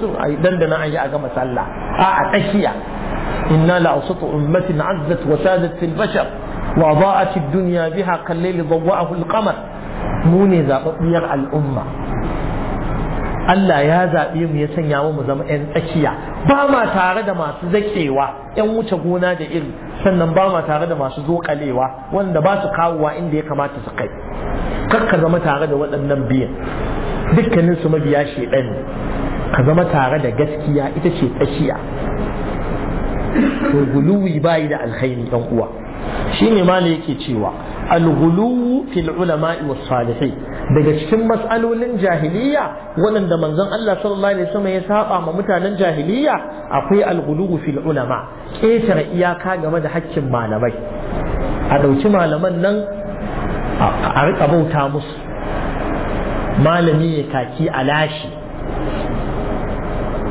zo a yi an yi a gama sallah a a tsakiya inna la usatu ummatin azzat wa sadat fil bashar wa da'at ad-dunya biha kal layl dawwa'ahu al-qamar mu ne zababbiyar al'umma Allah ya zaɓe mu ya sanya mu zama 'yan tsakiya ba ma tare da masu zakewa 'yan wuce gona da iri sannan ba ma tare da masu zokalewa wanda ba su kawowa inda ya kamata su kai ka zama tare da waɗannan biyan dukkanin su mabiya shedan ka zama tare da gaskiya ita ce tsakiya to guluwi bayi da alkhairi dan uwa shine ma yake cewa al fil ulama'i was salihin daga cikin matsalolin jahiliya waɗanda manzon Allah sallallahu alaihi wasallam ya saba ma mutanen jahiliya akwai al-ghuluw fil ulama ƙetare iyaka game da haƙƙin malamai a ɗauki malaman nan a riƙa bauta musu malami ya kaki a lashi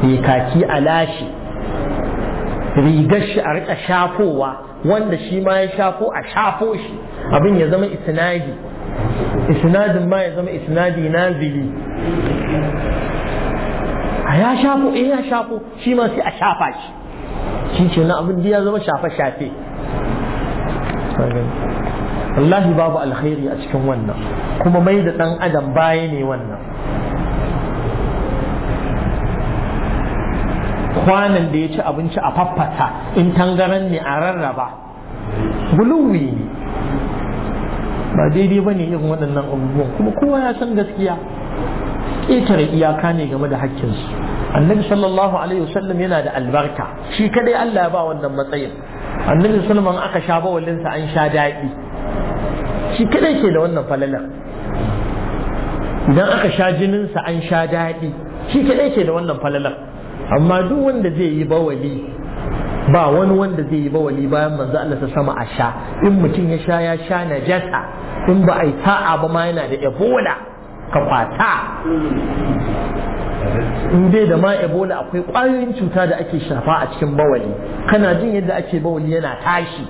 ya kaki a rigar shi a riƙa shafowa wanda shi ma ya shafo a shafo shi abin ya zama isnadi isnadin ma ya zama isnadi nazili a ya shafo eh ya shafo shi ma sai a shafa shi shi ce na abin da ya zama shafa shafe wallahi babu alkhairi a cikin wannan kuma mai da dan adam baya ne wannan kwanan da ya ci abinci a faffata in tangaran ne a rarraba guluwi ne ba daidai ba ne irin waɗannan abubuwan kuma kowa ya san gaskiya ƙetare iyaka ne game da haƙƙinsu annabi sallallahu alaihi wasallam yana da albarka shi kadai Allah ya ba wannan matsayin annabi salman aka sha bawalinsa an sha daɗi shi kadai ke da wannan falalar idan aka sha jininsa an sha daɗi shi kadai ke da wannan falalar amma duk wanda zai yi bawali ba wani wanda zai yi bawali bayan manzo Allah ta sama a sha in mutum ya sha ya sha najasa in ba a yi ta'a ba ma yana da ebola ka kwata in dai da ma ebola akwai ƙwayoyin cuta da ake shafa a cikin bawali kana jin yadda ake bawali yana tashi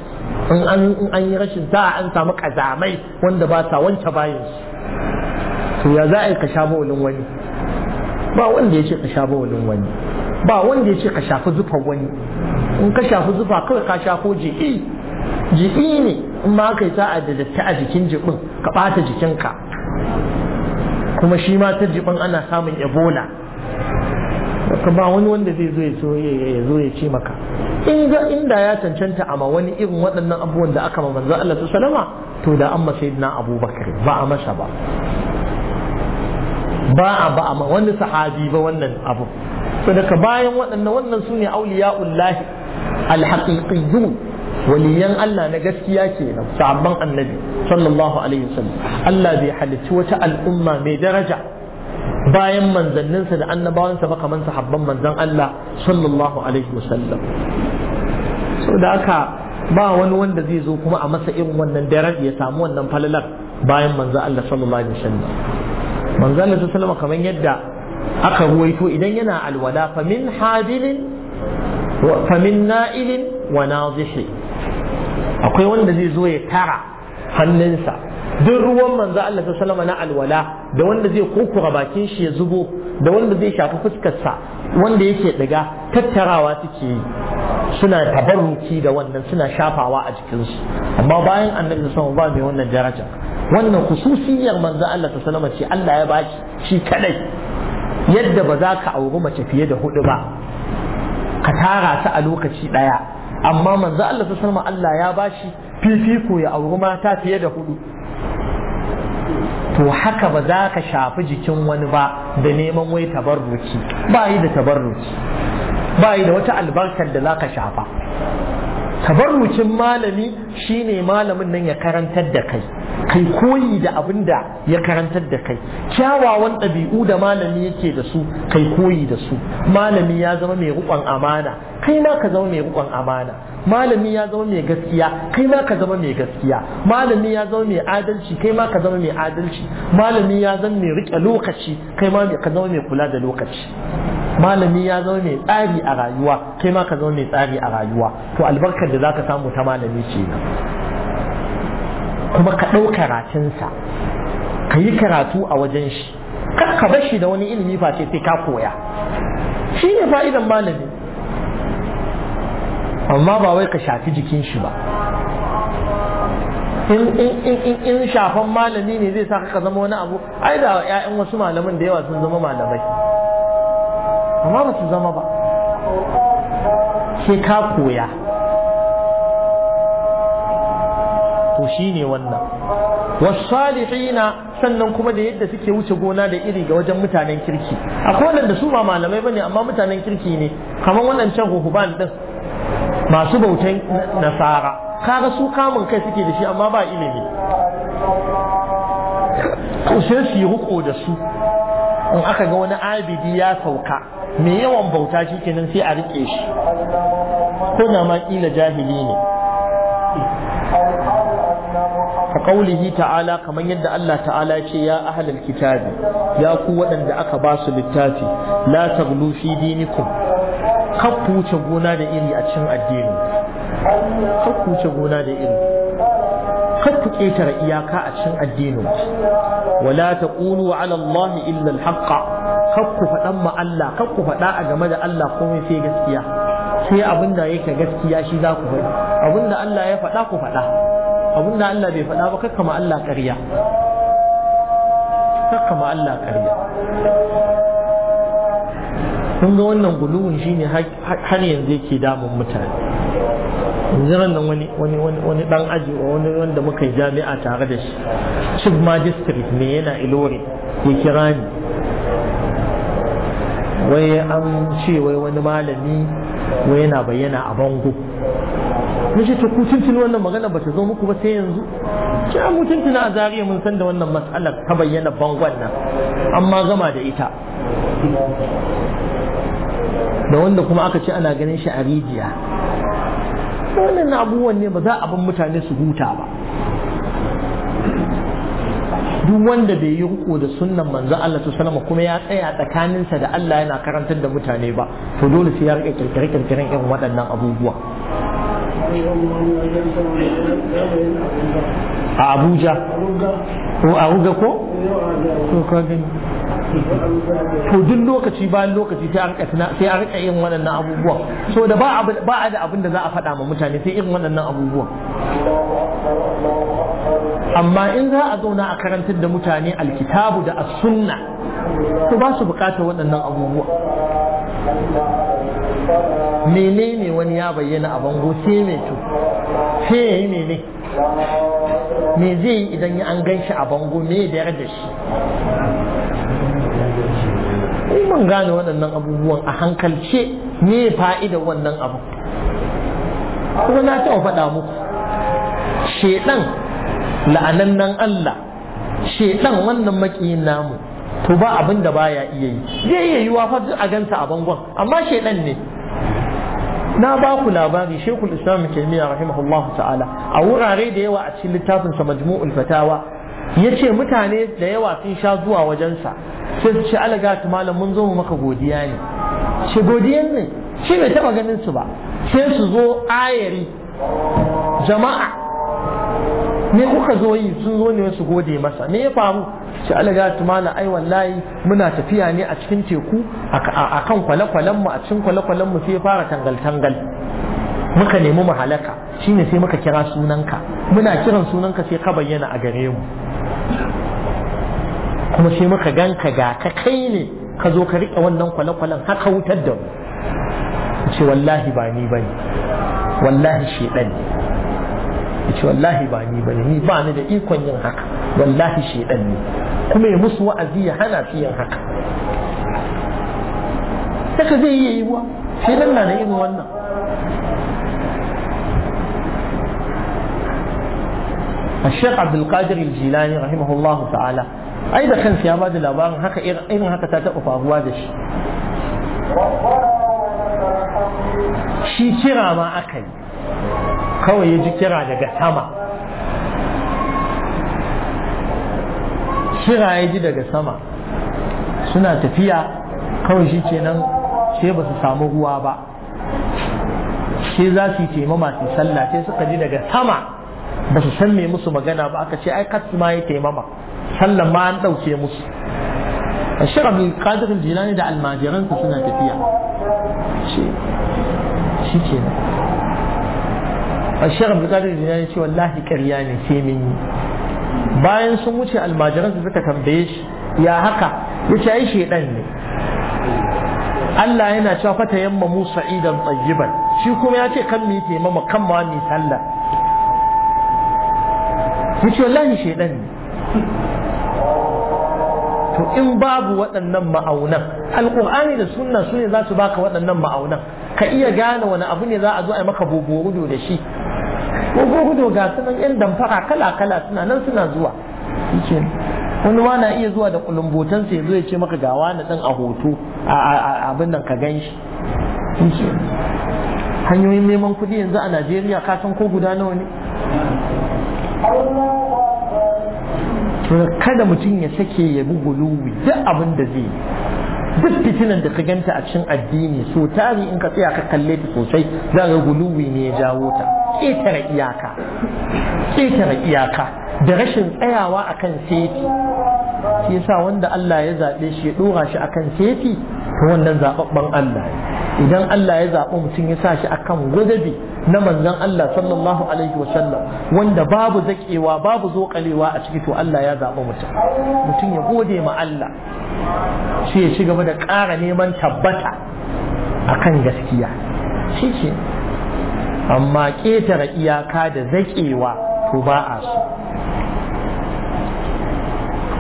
in an yi rashin ta'a an samu kazamai wanda ba sa wanke bayansu to ya za a yi ka sha bawalin wani ba wanda ya ce ka sha bawalin wani ba wanda ya ce ka shafi zufa wani in ka shafi zufa kawai ka shafo jiki jiki ne in ma ka yi sa'a da datti a jikin jiɓin ka ɓata jikinka kuma shi ma ta jikin ana samun ebola ka ba wani wanda zai zo ya zo ya ce maka in ga inda ya cancanta a ma wani irin waɗannan abubuwan da aka ma manzo Allah su salama to da an masa na abubakar ba a masa ba ba a ba a ma wani sahabi ba wannan abu sadaka bayan waɗannan wannan su ne auliya'ullahi alhaqiqiyyun waliyan Allah na gaskiya kenan sahabban annabi sallallahu alaihi wasallam Allah bai halicci wata al'umma mai daraja bayan manzanninsa da annabawansa ba kamar sahabban manzan Allah sallallahu alaihi wasallam so da aka ba wani wanda zai zo kuma a masa irin wannan daraj ya samu wannan falalar bayan manzan Allah sallallahu alaihi wasallam manzan Allah sallallahu alaihi wasallam kamar yadda aka ruwaito idan yana alwala fa min hadilin fa min na'ilin wa nazihi akwai wanda zai zo ya tara hannunsa duk ruwan manzo Allah sallama na alwala da wanda zai kokura bakin shi ya zubo da wanda zai shafi fuskarsa wanda yake daga tattarawa suke yi suna tabarruki da wannan suna shafawa a jikinsu amma bayan annabi sallallahu ba mai wannan daraja wannan khususiyar manzo Allah wasallam ce Allah ya baki shi kadai yadda ba za ka auri mace fiye da hudu ba ka tara ta a lokaci ɗaya amma manzo Allah ta Allah ya bashi fifiko ya auri mata fiye da hudu to haka ba za ka shafi jikin wani ba da neman wai tabarruki ba yi da tabarruki ba yi da wata albarkar da za ka shafa tabarrukin malami shine malamin nan ya karantar da kai kai koyi da abin da ya karantar da kai kyawawan ɗabi'u da malami yake da su kai koyi da su malami ya zama mai rukon amana kai ma ka zama mai rukon amana malami ya zama mai gaskiya kai ma ka zama mai gaskiya malami ya zama mai adalci kai ma ka zama mai adalci malami ya zama mai rike lokaci kai ma ka zama mai kula da lokaci malami ya zama mai tsari a rayuwa kai ma ka zama mai tsari a rayuwa to albarkar da zaka samu ta malami ce kuma ka ɗau karatunsa ka yi karatu a wajen shi kar ka bar shi da wani ilimi face sai ka koya shi ne fa'idan malami amma ba wai ka shafi jikin shi ba in shafan malami ne zai saka ka zama wani abu ai da ƴaƴan wasu malamin da yawa sun zama malamai amma ba su zama ba sai ka koya to ne wannan wasalihina sannan kuma da yadda suke wuce gona da iri ga wajen mutanen kirki akwai waɗanda su ba malamai bane amma mutanen kirki ne kamar waɗancan huhuban din masu bautan nasara kaga su kamun kai suke da shi amma ba ilimi to sai su yi riko da su in aka ga wani abidi ya sauka mai yawan bauta shi kenan sai a rike shi ko na ma kila jahili ne ka kaulihi ta'ala kamar yadda Allah ta'ala ce ya ahlal kitabi ya ku waɗanda aka basu littafi la taglu fi dinikum kan kan kuce gona da iri iyaka a cikin addini wala taqulu ala allahi illa alhaq kan ku faɗan ma Allah kan ku faɗa a game da Allah komai sai gaskiya sai abinda yake gaskiya shi za ku faɗi abinda Allah ya faɗa ku faɗa abin da Allah bai faɗa ba ma Allah ƙarya ma Allah ƙarya kun ga wannan shi shine har yanzu yake damun mutane yanzu ran nan wani wani wani wani dan aji wani wanda muka yi jami'a tare da shi chief magistrate ne yana ilori ya kira ni wai an ce wai wani malami wai yana bayyana a bango na ce to ku wannan magana ba ta zo muku ba sai yanzu ce mu a zariya mun san da wannan matsalar ta bayyana bangon nan amma gama da ita da wanda kuma aka ce ana ganin shi a rijiya wannan abubuwan ne ba za a bin mutane su huta ba duk wanda bai yi riko da sunnan manzo Allah ta sallama kuma ya tsaya tsakaninsa da Allah yana karantar da mutane ba to dole sai ya rike kirkire-kirkiren irin waɗannan abubuwa a abuja a abuja ko? to duk lokaci bayan lokaci sai an rika yin waɗannan abubuwan so da ba a da abin da za a faɗa ma mutane sai irin waɗannan abubuwan amma in za a zauna a karantar da mutane alkitabu da as-sunna to ba su bukatar waɗannan abubuwan menene wani ya bayyana a bango sai mai to sai ya yi mene me zai yi idan an gan shi a bango me da da shi mun gane waɗannan abubuwan a hankalce me fa'ida wannan abu kuma na taɓa faɗa muku shedan la'anannan Allah shedan wannan makiyin namu to ba abin da baya iya yi zai iya yiwa fa a gansa a bangon amma shedan ne na ba ku labari shekul islam taimiyya rahimahullahu ta'ala a wurare da yawa a cikin littafin sa majmu'ul fatawa ya ce mutane da yawa sun sha zuwa wajensa sai su ce alaga malam mun zo mu maka godiya ne ce godiyan ne shi bai taba ganin su ba sai su zo ayari jama'a Ne kuka zo yi sun zo ne su gode masa me ya faru shi alaga tumala ai wallahi muna tafiya ne a cikin teku a kan kwale-kwalen mu a cikin kwale-kwalen mu sai fara tangal-tangal muka nemi mu halaka shine sai muka kira sunanka muna kiran sunanka sai ka bayyana a gare mu kuma sai muka ganka ga ka kai ne ka zo ka riƙe wannan kwale-kwalen haka wutar da mu ce wallahi ba ni bane wallahi shedan ne yace wallahi ba ni bane ni ba ni da ikon yin haka wallahi shedan ne kuma ya musu wa'azi ya hana su yin haka saka zai iya yiwuwa shedan na da irin wannan الشيخ عبد القادر الجيلاني رحمه الله تعالى ai da kansu ya bada labarin haka irin haka ta taɓa faruwa da shi shi kira ma aka yi kawai ya ji kira daga sama kira ya ji daga sama suna tafiya kawai shi kenan sai ba su samu ruwa ba sai za su yi taimama sallah sai suka ji daga sama ba su san me musu magana ba aka ce ai kasu ma ya taimama sallan ma an ɗauke musu a shi abin kadirin jilani da almajiransa suna tafiya shi kenan a shirin bukatar da ya ce wallahi karya ne sai mun yi bayan sun wuce almajiransu su suka tambaye shi ya haka ya ce ai ne Allah yana cewa fata yamma Musa idan tsayyiban shi kuma ya ce kan mu yake mama kan mu sallah ya ce wallahi shedan ne to in babu waɗannan ma'aunan alƙur'ani da sunna su ne za su baka waɗannan ma'aunan ka iya gane wani abu ne za a zo a maka boborudo da shi ko gudu ga sunan yan damfara kala kala suna nan suna zuwa wani ma na iya zuwa da kulumbotan sai yazo ya ce maka gawa wani dan a hoto abin nan ka ganshi. shi hanyoyin neman kuɗi yanzu a Najeriya kasan ko guda nawa ne kada mutum ya sake ya bi guluwi duk abin da zai yi duk fitinan da ka ganta a cikin addini so tari in ka tsaya ka kalle ta sosai za ga guluwi ne ya jawo ta ƙetare iyaka ƙetare iyaka da rashin tsayawa akan seti shi yasa wanda Allah ya zaɓe shi ya ɗora shi akan seti Ta wannan zaɓaɓɓen Allah idan Allah ya zaɓi mutum ya sa shi akan gudabi na manzon Allah sallallahu alaihi wa sallam wanda babu zaƙewa babu zoƙalewa a ciki to Allah ya zaɓi mutum mutum ya gode ma Allah sai ya ci gaba da ƙara neman tabbata akan gaskiya shi ce amma ƙetare iyaka da zaƙewa to ba a su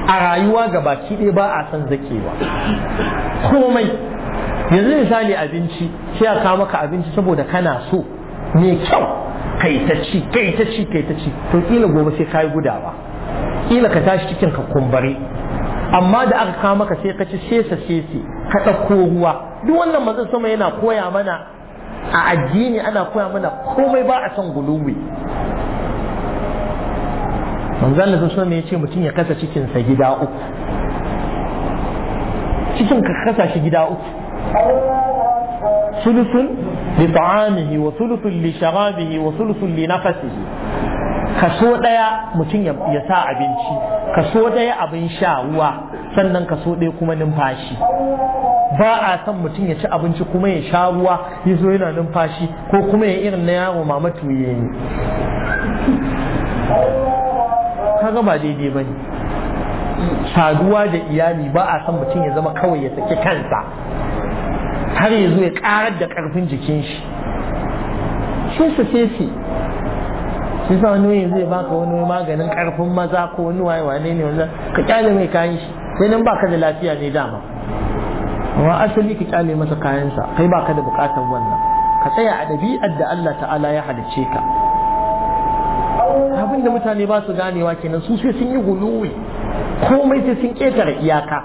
a rayuwa ga baki ɗaya ba a san zaƙewa komai yanzu misali abinci sai a kawo maka abinci saboda kana so ne kyau kai ta ci kai ta ci kai ta ci to ƙila gobe sai kayi gudawa ƙila ka tashi cikin ka kumbare amma da aka kawo maka sai ka ci sesa sese ka ɗauko ruwa duk wannan mazan sama yana koya mana a addini ana koya mana komai ba a son gulubi manzon da sassu ya ce mutum ya kasa cikinsa gida uku cikin ka kasa shi gida uku sulusun li ta'amihi wa sulusun li sharabihi wa sulusun li nafasihi kaso ɗaya mutum ya sa abinci kaso ɗaya abin sha ruwa sannan kaso ɗaya kuma numfashi ba a son mutum ya ci abinci kuma ya sha ruwa ya zo yana numfashi ko kuma ya irin na yaro mama tuye ne kaga ba daidai ba ne saduwa da iyali ba a son mutum ya zama kawai ya saki kansa har ya zo ya karar da karfin jikin shi sai su sai shi sa wani yanzu ya baka wani maganin karfin maza ko wani waye wane ne wanda ka kyale mai kayan shi sai nan baka da lafiya ne dama amma asali ka kyale masa kayansa kai baka da bukatar wannan ka tsaya a ɗabi'ar da Allah ta'ala ya halicce ka abin da mutane ba su ganewa kenan su sai sun yi guluwi komai sai sun ƙetare iyaka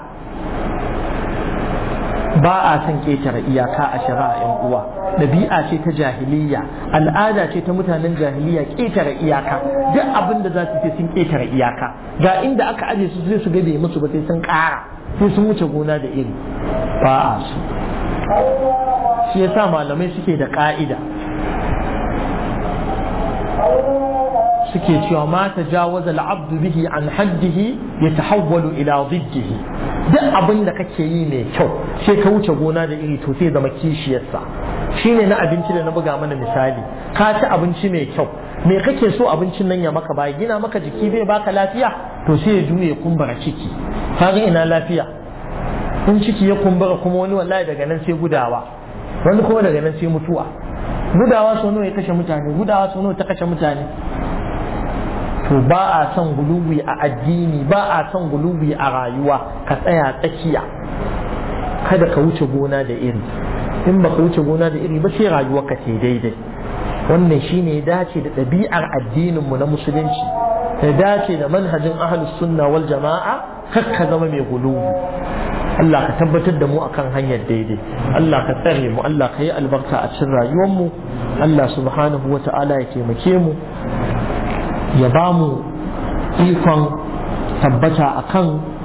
ba a san ƙetare iyaka a shari'a 'yan uwa ɗabi'a ce ta jahiliya al'ada ce ta mutanen jahiliya ƙetare iyaka duk abin da za su ce sun ƙetare iyaka ga inda aka aje su sai su gabe musu ba sai sun ƙara sai sun wuce gona da iri ba a su shi yasa malamai suke da ƙa'ida suke cewa ma ta jawaza al'abdu bihi an haddihi ya tahawwalu ila ziddihi duk abin da kake yi mai kyau sai ka wuce gona da iri to sai zama kishiyarsa shine na abinci da na buga mana misali ka ci abinci mai kyau me kake so abincin nan ya maka bai gina maka jiki bai baka lafiya to sai ya juye kumbura ciki ga ina lafiya in ciki ya kumbura kuma wani wallahi daga nan sai gudawa wani kuma daga nan sai mutuwa gudawa sau nawa ya kashe mutane gudawa sau nawa ta kashe mutane to ba a son gulubi a addini ba a son gulubi a rayuwa ka tsaya tsakiya kada ka wuce gona da iri in ba ka wuce gona da iri ba sai rayuwar ka ce daidai wannan shine ya dace da ɗabi'ar addinin mu na musulunci ya dace da manhajin ahlus sunna wal jama'a kar ka zama mai gulubu Allah ka tabbatar da mu akan hanyar daidai Allah ka tsare mu Allah ka yi albarka a cikin rayuwar mu Allah subhanahu wa ta'ala ya taimake mu ya ba mu ikon tabbata akan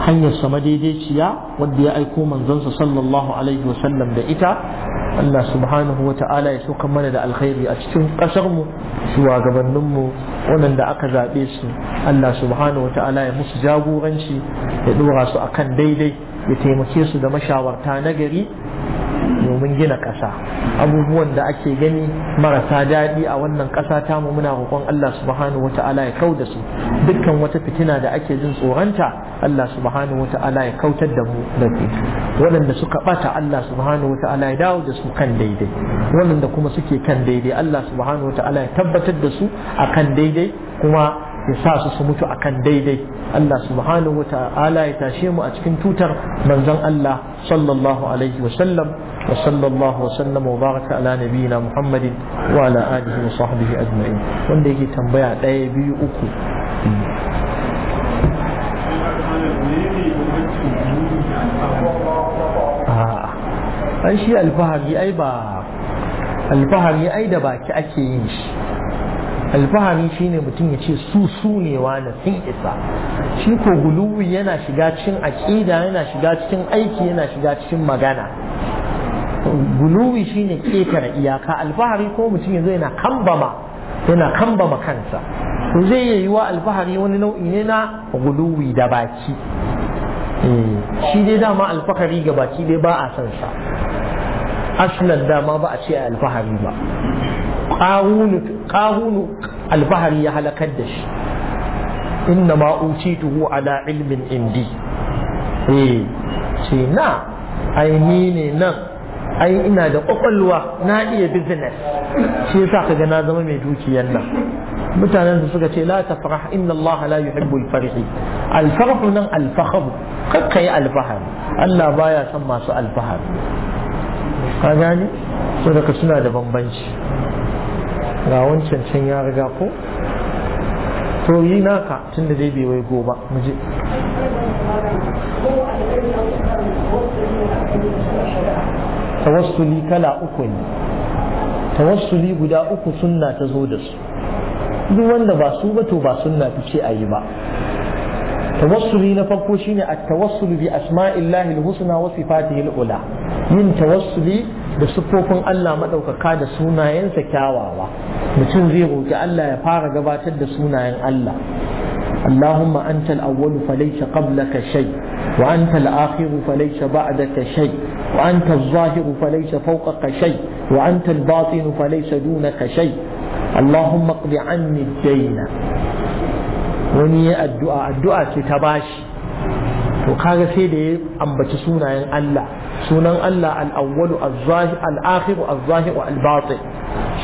hanyar sa madaidaiciya wanda ya aiko manzonsa sallallahu alaihi wasallam da ita Allah subhanahu wa ta'ala ya sauka mana da alkhairi a cikin ƙasarmu mu shugabannin mu waɗanda aka zaɓe su Allah subhanahu wa ta'ala ya musu jagoranci ya ɗora su akan daidai ya taimake su da mashawarta na gari domin gina ƙasa abubuwan da ake gani marasa daɗi a wannan ƙasa ta mu muna roƙon Allah subhanahu wata'ala ya kauda su dukkan wata fitina da ake jin tsoronta Allah subhanahu wata'ala ya kautar da mu da waɗanda suka ɓata Allah subhanahu wata'ala ya dawo da su kan daidai waɗanda kuma suke kan daidai Allah subhanahu wata'ala ya tabbatar da su akan daidai kuma ya sa su su mutu akan daidai Allah subhanahu wa ta'ala ya tashe mu a cikin tutar manzon Allah sallallahu alaihi wa sallam وصلى الله وسلم وبارك على نبينا محمد وعلى آله وصحبه أجمعين وندي تنبيع داي بي أكو an shi alfahari ai ba alfahari ai da baki ake yin shi alfahari shine mutum ya ce su su ne na sun isa shi ko guluwi yana shiga cikin aƙida yana shiga cikin aiki yana shiga cikin magana guluwi shine ketare iyaka alfahari ko mutum yanzu yana kambama yana kambama kansa to zai iya yiwa alfahari wani nau'i ne na guluwi da baki eh, shi dai dama alfahari ga baki dai ba a san sa aslan dama ba a ce alfahari ba ƙahunu alfahari ya halakar da shi inna ma tuhu ala ilmin indi eh ce na aini ne nan ai ina da kwakwalwa na iya business shi yasa kaga na zama mai dukiyar nan mutanen su suka ce la tafrah inna Allah la yuhibbu al-farhi al-farhu nan al-fakhr kakkai al-fahr Allah baya son masu al-fahr ka gane so daga suna da bambanci ga wancan can ya riga ko to yi naka tunda dai bai wai goba mu je tawassuli kala uku ne tawassuli guda uku sunna ta zo da su duk wanda ba su ba to ba sunna ta ce a yi ba tawassuli na farko shine at-tawassulu bi asma'illahi al wa sifatihi al yin tawassuli da siffofin Allah madaukaka da sunayensa kyawawa mutum zai roki Allah ya fara gabatar da sunayen Allah اللهم أنت الأول فليس قبلك شيء وأنت الآخر فليس بعدك شيء وأنت الظاهر فليس فوقك شيء وأنت الباطن فليس دونك شيء اللهم اقض عني الدين وني الدعاء الدعاء تتباشي to kaga sai da ya ambaci sunayen Allah sunan Allah al-awwalu al-zahir al-akhir al-zahir wal-batin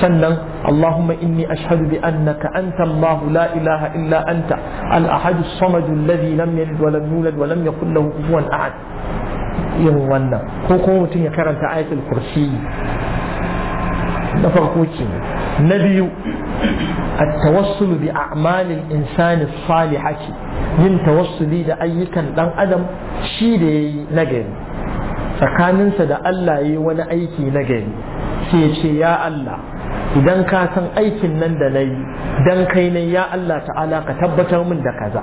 sannan Allahumma inni ashhadu bi annaka anta Allah la ilaha illa anta al-ahad as-samad alladhi lam yalid wa lam yulad wa lam yakul lahu kufuwan ahad yin wannan ko mutum ya karanta ayatul kursi na farko ke na biyu التوسل بأعمال الإنسان الصالحة yin tawassuli da ayyukan ɗan adam shi da ya nagari tsakaninsa da Allah ya wani aiki nagari ya Allah idan ka san aikin nan da na yi dan kai ne ya Allah ta'ala ka tabbatar min da kaza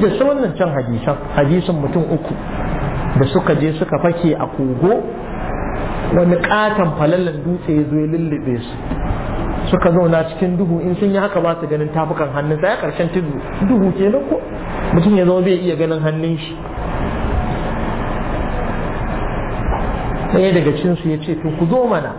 da su wannan can hadisan hadisin mutum uku da suka je suka fake a kogo wani katon falallan dutse ya zo lullube su suka zauna cikin duhu in sun yi haka ba su ganin tafukan hannun sa ya karshen tudu duhu nan ko mutum ya zama bai iya ganin hannun shi ɗaya daga cinsu ya ce to ku zo mana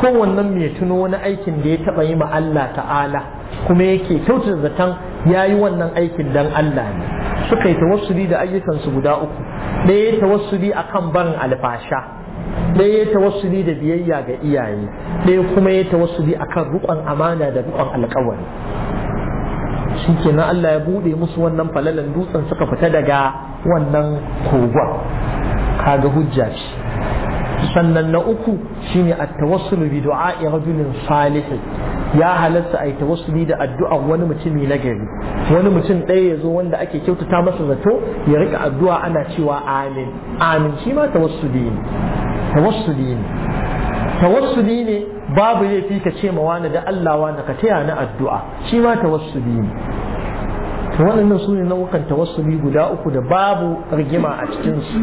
kowannen mai tuno wani aikin da ya taɓa yi ma Allah ta'ala kuma yake kyautar zaton ya yi wannan aikin don Allah ne suka yi tawassuli da ayyukansu guda uku ɗaya ya tawassuli a kan barin alfasha ɗaya ya tawassuli da biyayya ga iyaye ɗaya kuma ya tawassuli a kan riƙon amana da riƙon alƙawari shi kenan Allah ya buɗe musu wannan falalan dutsen suka fita daga wannan kogon kaga hujja ce sannan na uku shine a tawassulu bi du'a'i rajulin salih ya halatta ai tawassuli da addu'a wani mutumi na gari wani mutum ɗaya ya zo wanda ake kyautata masa zato ya rika addu'a ana cewa amin amin shi ma tawassuli ne tawassuli ne tawassuli ne babu laifi ka ce ma wani da Allah wani ka taya na addu'a shi ma tawassuli ne waɗannan su ne nau'ukan tawassuli guda uku da babu rigima a cikinsu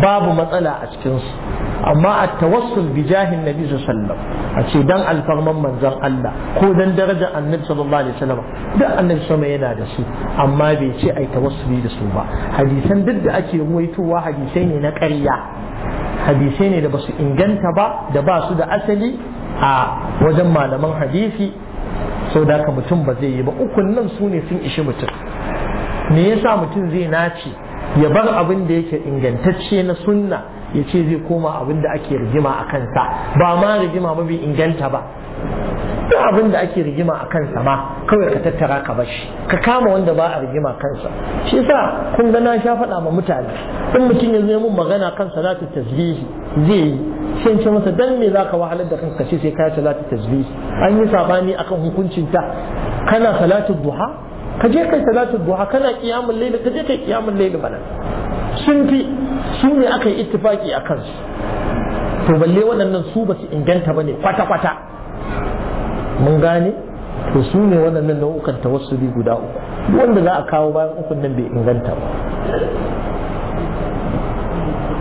babu matsala a cikinsu amma a tawassul bi jahin nabi sallam a ce dan alfarman manzon Allah ko dan darajar annabi sallallahu alaihi wasallam duk annabi sama yana da su amma bai ce ai tawassuli da su ba hadisan duk da ake ruwaitowa hadisai ne na ƙarya hadisai ne da basu inganta ba da ba su da asali a wajen malaman hadisi sau da mutum ba zai yi ba ukun nan su ne sun ishi mutum me yasa mutum zai nace ya bar abin da yake ingantacce na sunna ya ce zai koma abin da ake rigima a kansa ba ma rigima ba bai inganta ba duk abin da ake rigima a kansa ma kawai ka tattara ka bashi ka kama wanda ba a rigima kansa shi yasa kun ga na sha faɗa ma mutane in mutum ya zo mun magana kan salatu tasbihi zai yi sai ce masa dan me zaka wahalar da kanka ce sai ka salatu tasbihi an yi sabani akan hukuncin ta kana salatu duha ka je kai salatu duha kana qiyamul layl ka je kai qiyamul layl bana sun fi su ne aka yi ittifaki a kansu to balle waɗannan su ba su inganta ba ne kwata-kwata mun gane to su ne waɗannan nau'ukan ta wasu bi guda uku wanda za a kawo bayan ukun nan bai inganta ba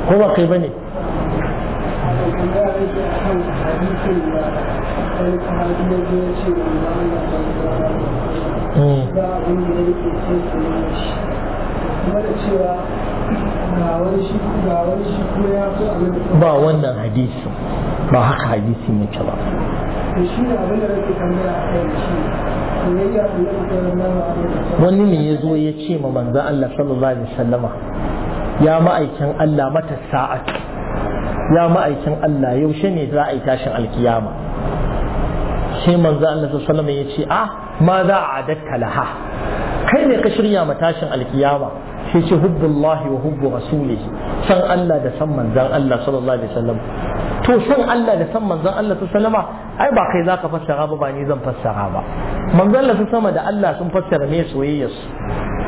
ko ba kai ba ne Mm. ba wannan hadisi ba haka hadisi yake ba wani ne ya zo ya ce ma manzan Allah sallallahu alaihi wasallama ya ma'aikin Allah mata sa'at ya ma'aikin Allah yaushe ne za a yi tashin alkiyama sai manzan Allah sallallahu alaihi wasallama ya ce ah ma za a adakka laha kai ne ka shirya ma tashin alkiyama sai ce hubbullahi wa hubbu rasulihi san Allah da san manzan Allah sallallahu alaihi wasallam to san Allah da san manzan Allah sallallahu alaihi wasallama ai ba kai zaka fassara ba ba ni zan fassara ba manzan Allah sama da Allah sun fassara me soyayya su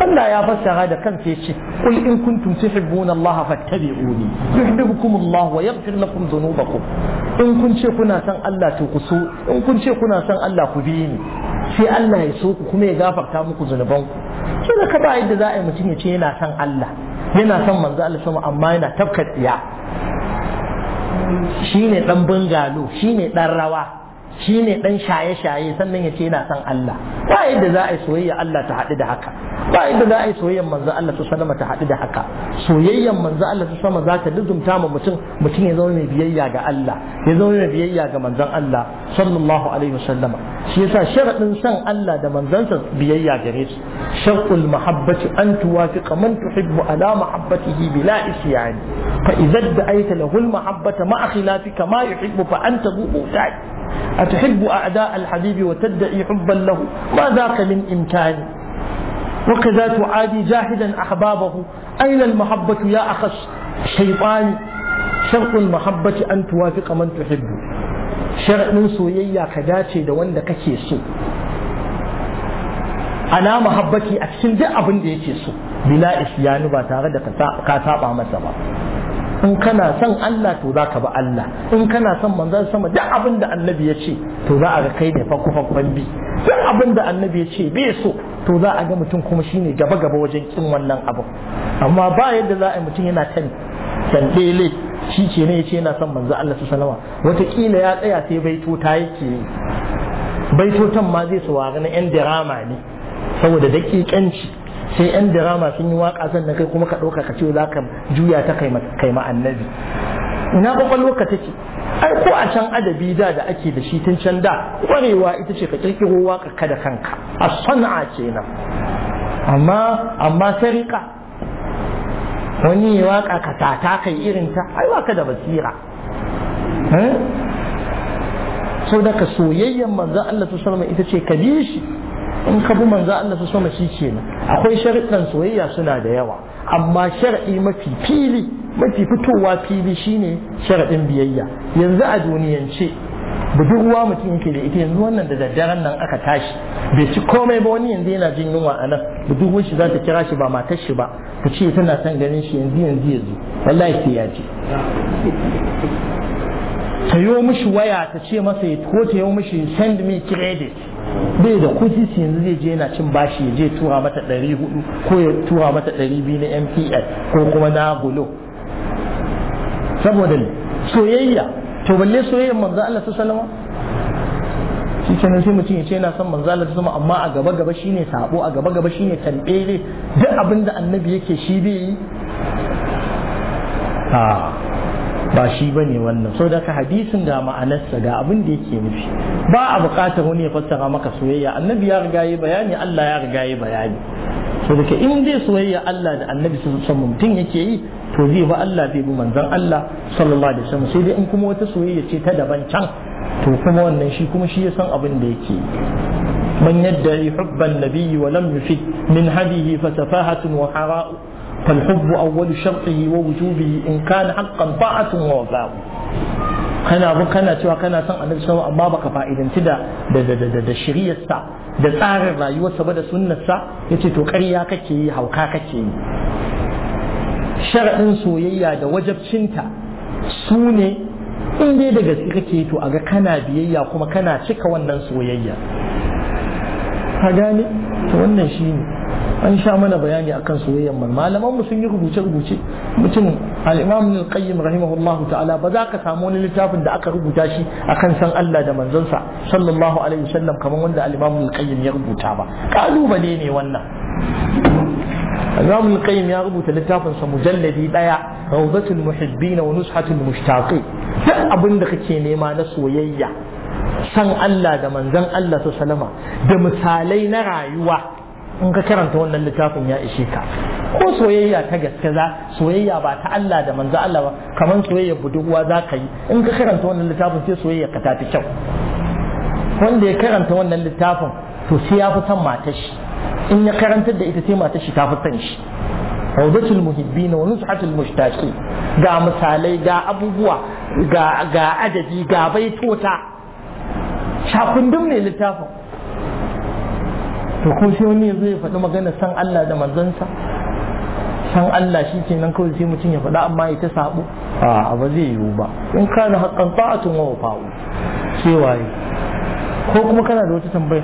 Allah ya fassara da kansa yace kul in kuntum tuhibbuna Allah fattabi'uni yuhibbukum Allah wa yaghfir lakum dhunubakum in kun ce kuna san Allah to ku so in kun ce kuna san Allah ku bi ni sai Allah ya so ku kuma ya gafarta muku zunubanku so da ka yadda za a yi mutum ya ce yana son Allah yana son manzo Allah sama amma yana tafka tsiya shine dan shi shine dan rawa shine dan shaye-shaye sannan ya ce yana son Allah ba yadda za a yi soyayya Allah ta haɗu da haka ba yadda za a yi soyayyar manzo Allah su sallama ta haɗu da haka soyayyar manzo Allah su sama za ta dudumta ma mutum mutum ya zama mai biyayya ga Allah ya zama mai biyayya ga manzon Allah sallallahu alaihi wasallama shi yasa sharadin san Allah da manzansa biyayya gare su sharqul mahabbati an tuwafi kaman tuhibbu ala mahabbatihi bila isyani fa idza da'aita lahu al mahabbata ma khilafika kama yuhibbu fa anta bu'tai atuhibbu a'da al habibi wa tadda'i hubban lahu ma dhaka min imkani وكذا تعادي جاهدا أحبابه أين المحبة يا أخ الشيطان شرط المحبة أن توافق من تحبه sharaɗin soyayya ka dace da wanda kake so ana mahabbaki a cikin duk abin da yake so bila isyani ba tare da ka saba masa ba in kana son Allah to za ka bi Allah in kana son manzon sama duk abin da annabi ya ce to za a ga kai ne fakku fakwan bi duk abin da annabi ya ce bai so to za a ga mutum kuma shine gaba gaba wajen kin wannan abin amma ba yadda za a yi mutum yana tan tandele shi ce ne yace yana son manzo Allah salama wata kila ya tsaya sai baito ta yake tan ma zai saurari na yan dirama ne saboda dakikanci sai yan dirama sun yi waka sannan kai kuma ka ɗauka ka ce za ka juya ta kai ma annabi ina kwallo ka take ai ko a can adabi da da ake da shi tun can da kwarewa ita ce ka kirkiro waka ka da kanka a sana'a kenan amma amma sarika wani ya waka ka sata kai irin ta ai waka da basira eh? sau da ka soyayyen manzo Allah su sallama ita ce ka shi in ka bi manzo Allah su sallama shi ke nan akwai sharuɗan soyayya suna da yawa amma sharaɗi mafi fili mafi fitowa fili shine sharaɗin biyayya yanzu a duniyance budurwa mutum yake da ita yanzu wannan da daddaren nan aka tashi bai ci komai ba wani yanzu yana jin yunwa a nan budurwar shi za ta kira shi ba matar shi ba ta ce tana son ganin shi yanzu yanzu zo wallahi sai ya je sayo mishi waya ta ce masa ya ko ta yi mishi send me credit bai da kuɗi yanzu zai je yana cin bashi ya je tura mata ɗari hudu ko ya tura mata ɗari biyu na mps ko kuma na gulo saboda soyayya to balle soyayyar manzo Allah sallallahu shi kenan sai mutum ya ce yana son manzo Allah sama amma a gaba gaba shine sabo a gaba gaba shine tambere duk abin da annabi yake shi bai yi a ba shi bane wannan da ka hadisin ga ma'anarsa ga abin da yake nufi ba a buƙatar wani ya fassara maka soyayya annabi ya riga yi bayani Allah ya riga yi bayani saboda in dai soyayya Allah da annabi sun san mutum yake yi to zai ba Allah zai bi manzon Allah sallallahu alaihi wasallam sai dai in kuma wata soyayya ce ta daban can to kuma wannan shi kuma shi ya san abin da yake من يدعي حب النبي ولم يفد من هديه فتفاهة وحراء فالحب أول شرطه ووجوبه إن كان حقا طاعة ووفاء kana bu kana cewa kana san annabi sallallahu amma baka fa'idanci da da da da shiriyarsa da tsarin rayuwarsa ba da sunnarsa yace to ƙarya kake yi hauka kake yi shar'in soyayya da wajabcinta su ne in dai da gaske kake to a ga kana biyayya kuma kana cika wannan soyayya ka gane to wannan shi ne an sha mana bayani akan soyayyar man malaman mu sun yi rubuce rubuce mutum al-imam al-qayyim rahimahullah ta'ala ba za ka samu wani littafin da aka rubuta shi akan san Allah da manzonsa sallallahu alaihi wasallam kamar wanda al-imam al ya rubuta ba kalubale ne wannan Imam al-Qayyim ya rubuta littafin sa mujalladi daya Rawdatul Muhibbin wa Nushatul Mushtaqi duk abin da kake nema na soyayya san Allah da manzon Allah sallama da misalai na rayuwa in ka karanta wannan littafin ya ishe ka ko soyayya ta gaske za soyayya ba ta Allah da manzo Allah ba kamar soyayya budurwa za ka yi in ka karanta wannan littafin sai soyayya ka tafi kyau wanda ya karanta wannan littafin to sai ya fi son matar shi in ya karantar da ita sai mata shi ta fi san shi rawdatul muhibbin wa nushatul mushtaqi ga misalai ga abubuwa ga ga adadi ga baitota shakundum ne littafin to ko sai wani yazo ya faɗi magana san Allah da manzansa san Allah shi kenan kawai sai mutum ya faɗa amma ya ta sabo a ba zai yiwu ba in kana haqqan ta'atun wa wafa'u cewa ko kuma kana da wata tambaya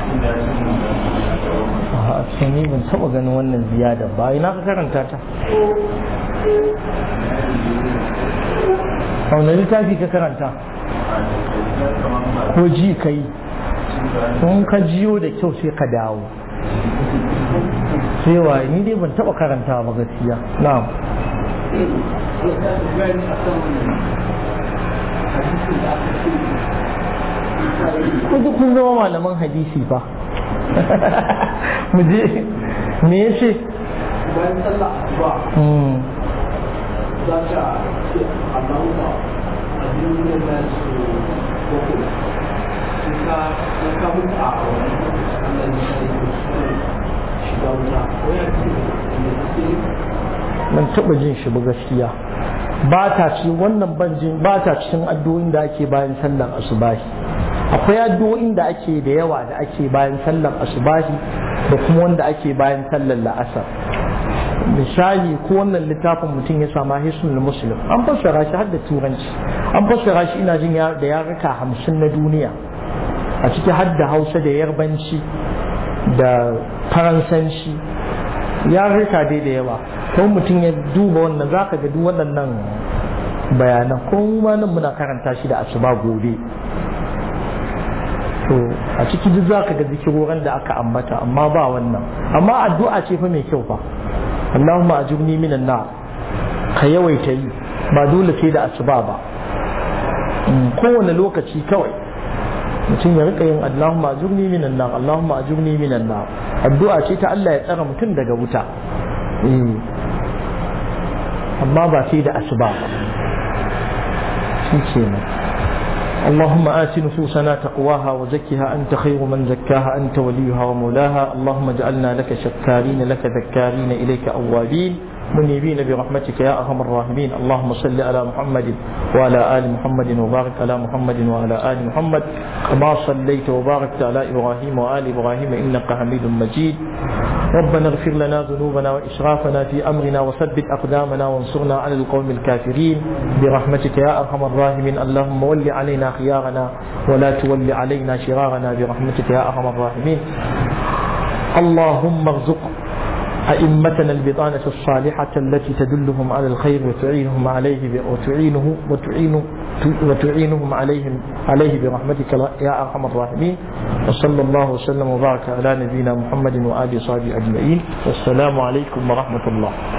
a cikin yi ban taɓa ganin wannan ziyada ba ina ka karanta ta a wani littafi ka karanta ko ji ka yi in ka jiyo da kyau sai ka dawo sai wa ni dai ban taɓa karanta ba gaskiya na'am Thank duk kun zama malaman hadisi ba muje me ya ce bayan hmm. a su ban taɓa jin shi ba gaskiya ba ta cikin wannan ban jin ba ta cikin addu'o'in da ake bayan sallar asubahi akwai addu'o'in da ake da yawa da ake bayan sallar asubahi da kuma wanda ake bayan sallar la'asar misali ko wannan littafin mutum ya sama hisnul muslim an fassara shi har da turanci an fassara shi ina jin da yaruka hamsin na duniya a ciki har da hausa da yarbanci da faransanci yaruka dai da yawa ko mutum ya duba wannan zaka ga duk waɗannan bayanan ko ma nan muna karanta shi da asuba gobe to a ciki duk za ka ga zikirorin da aka ambata amma ba wannan amma addu'a ce fa mai kyau fa Allahumma ajibni minan nar ka yawaita yi ba dole sai da asuba ba mm, kowane lokaci kawai mutum ya rika yin Allahumma ajibni minan nar Allahumma ajibni minan nar addu'a ce ta Allah ya tsara mutum daga wuta eh. amma ba sai da asuba ba shi kenan اللهم آت نفوسنا تقواها وزكها أنت خير من زكاها أنت وليها ومولاها اللهم اجعلنا لك شكارين لك ذكارين إليك أوابين منيبين برحمتك يا أرحم الراحمين اللهم صل على محمد وعلى آل محمد وبارك على محمد وعلى آل محمد كما صليت وباركت على إبراهيم وآل إبراهيم إنك حميد مجيد ربنا اغفر لنا ذنوبنا وإسرافنا في أمرنا وثبت أقدامنا وانصرنا على القوم الكافرين برحمتك يا أرحم الراحمين اللهم ول علينا خيارنا ولا تول علينا شرارنا برحمتك يا أرحم الراحمين اللهم ارزق أئمتنا البطانة الصالحة التي تدلهم على الخير وتعينهم عليه وتعينه وتعين وتعينهم عليهم عليه برحمتك يا أرحم الراحمين وصلى الله وسلم وبارك على نبينا محمد وآله وصحبه أجمعين والسلام عليكم ورحمة الله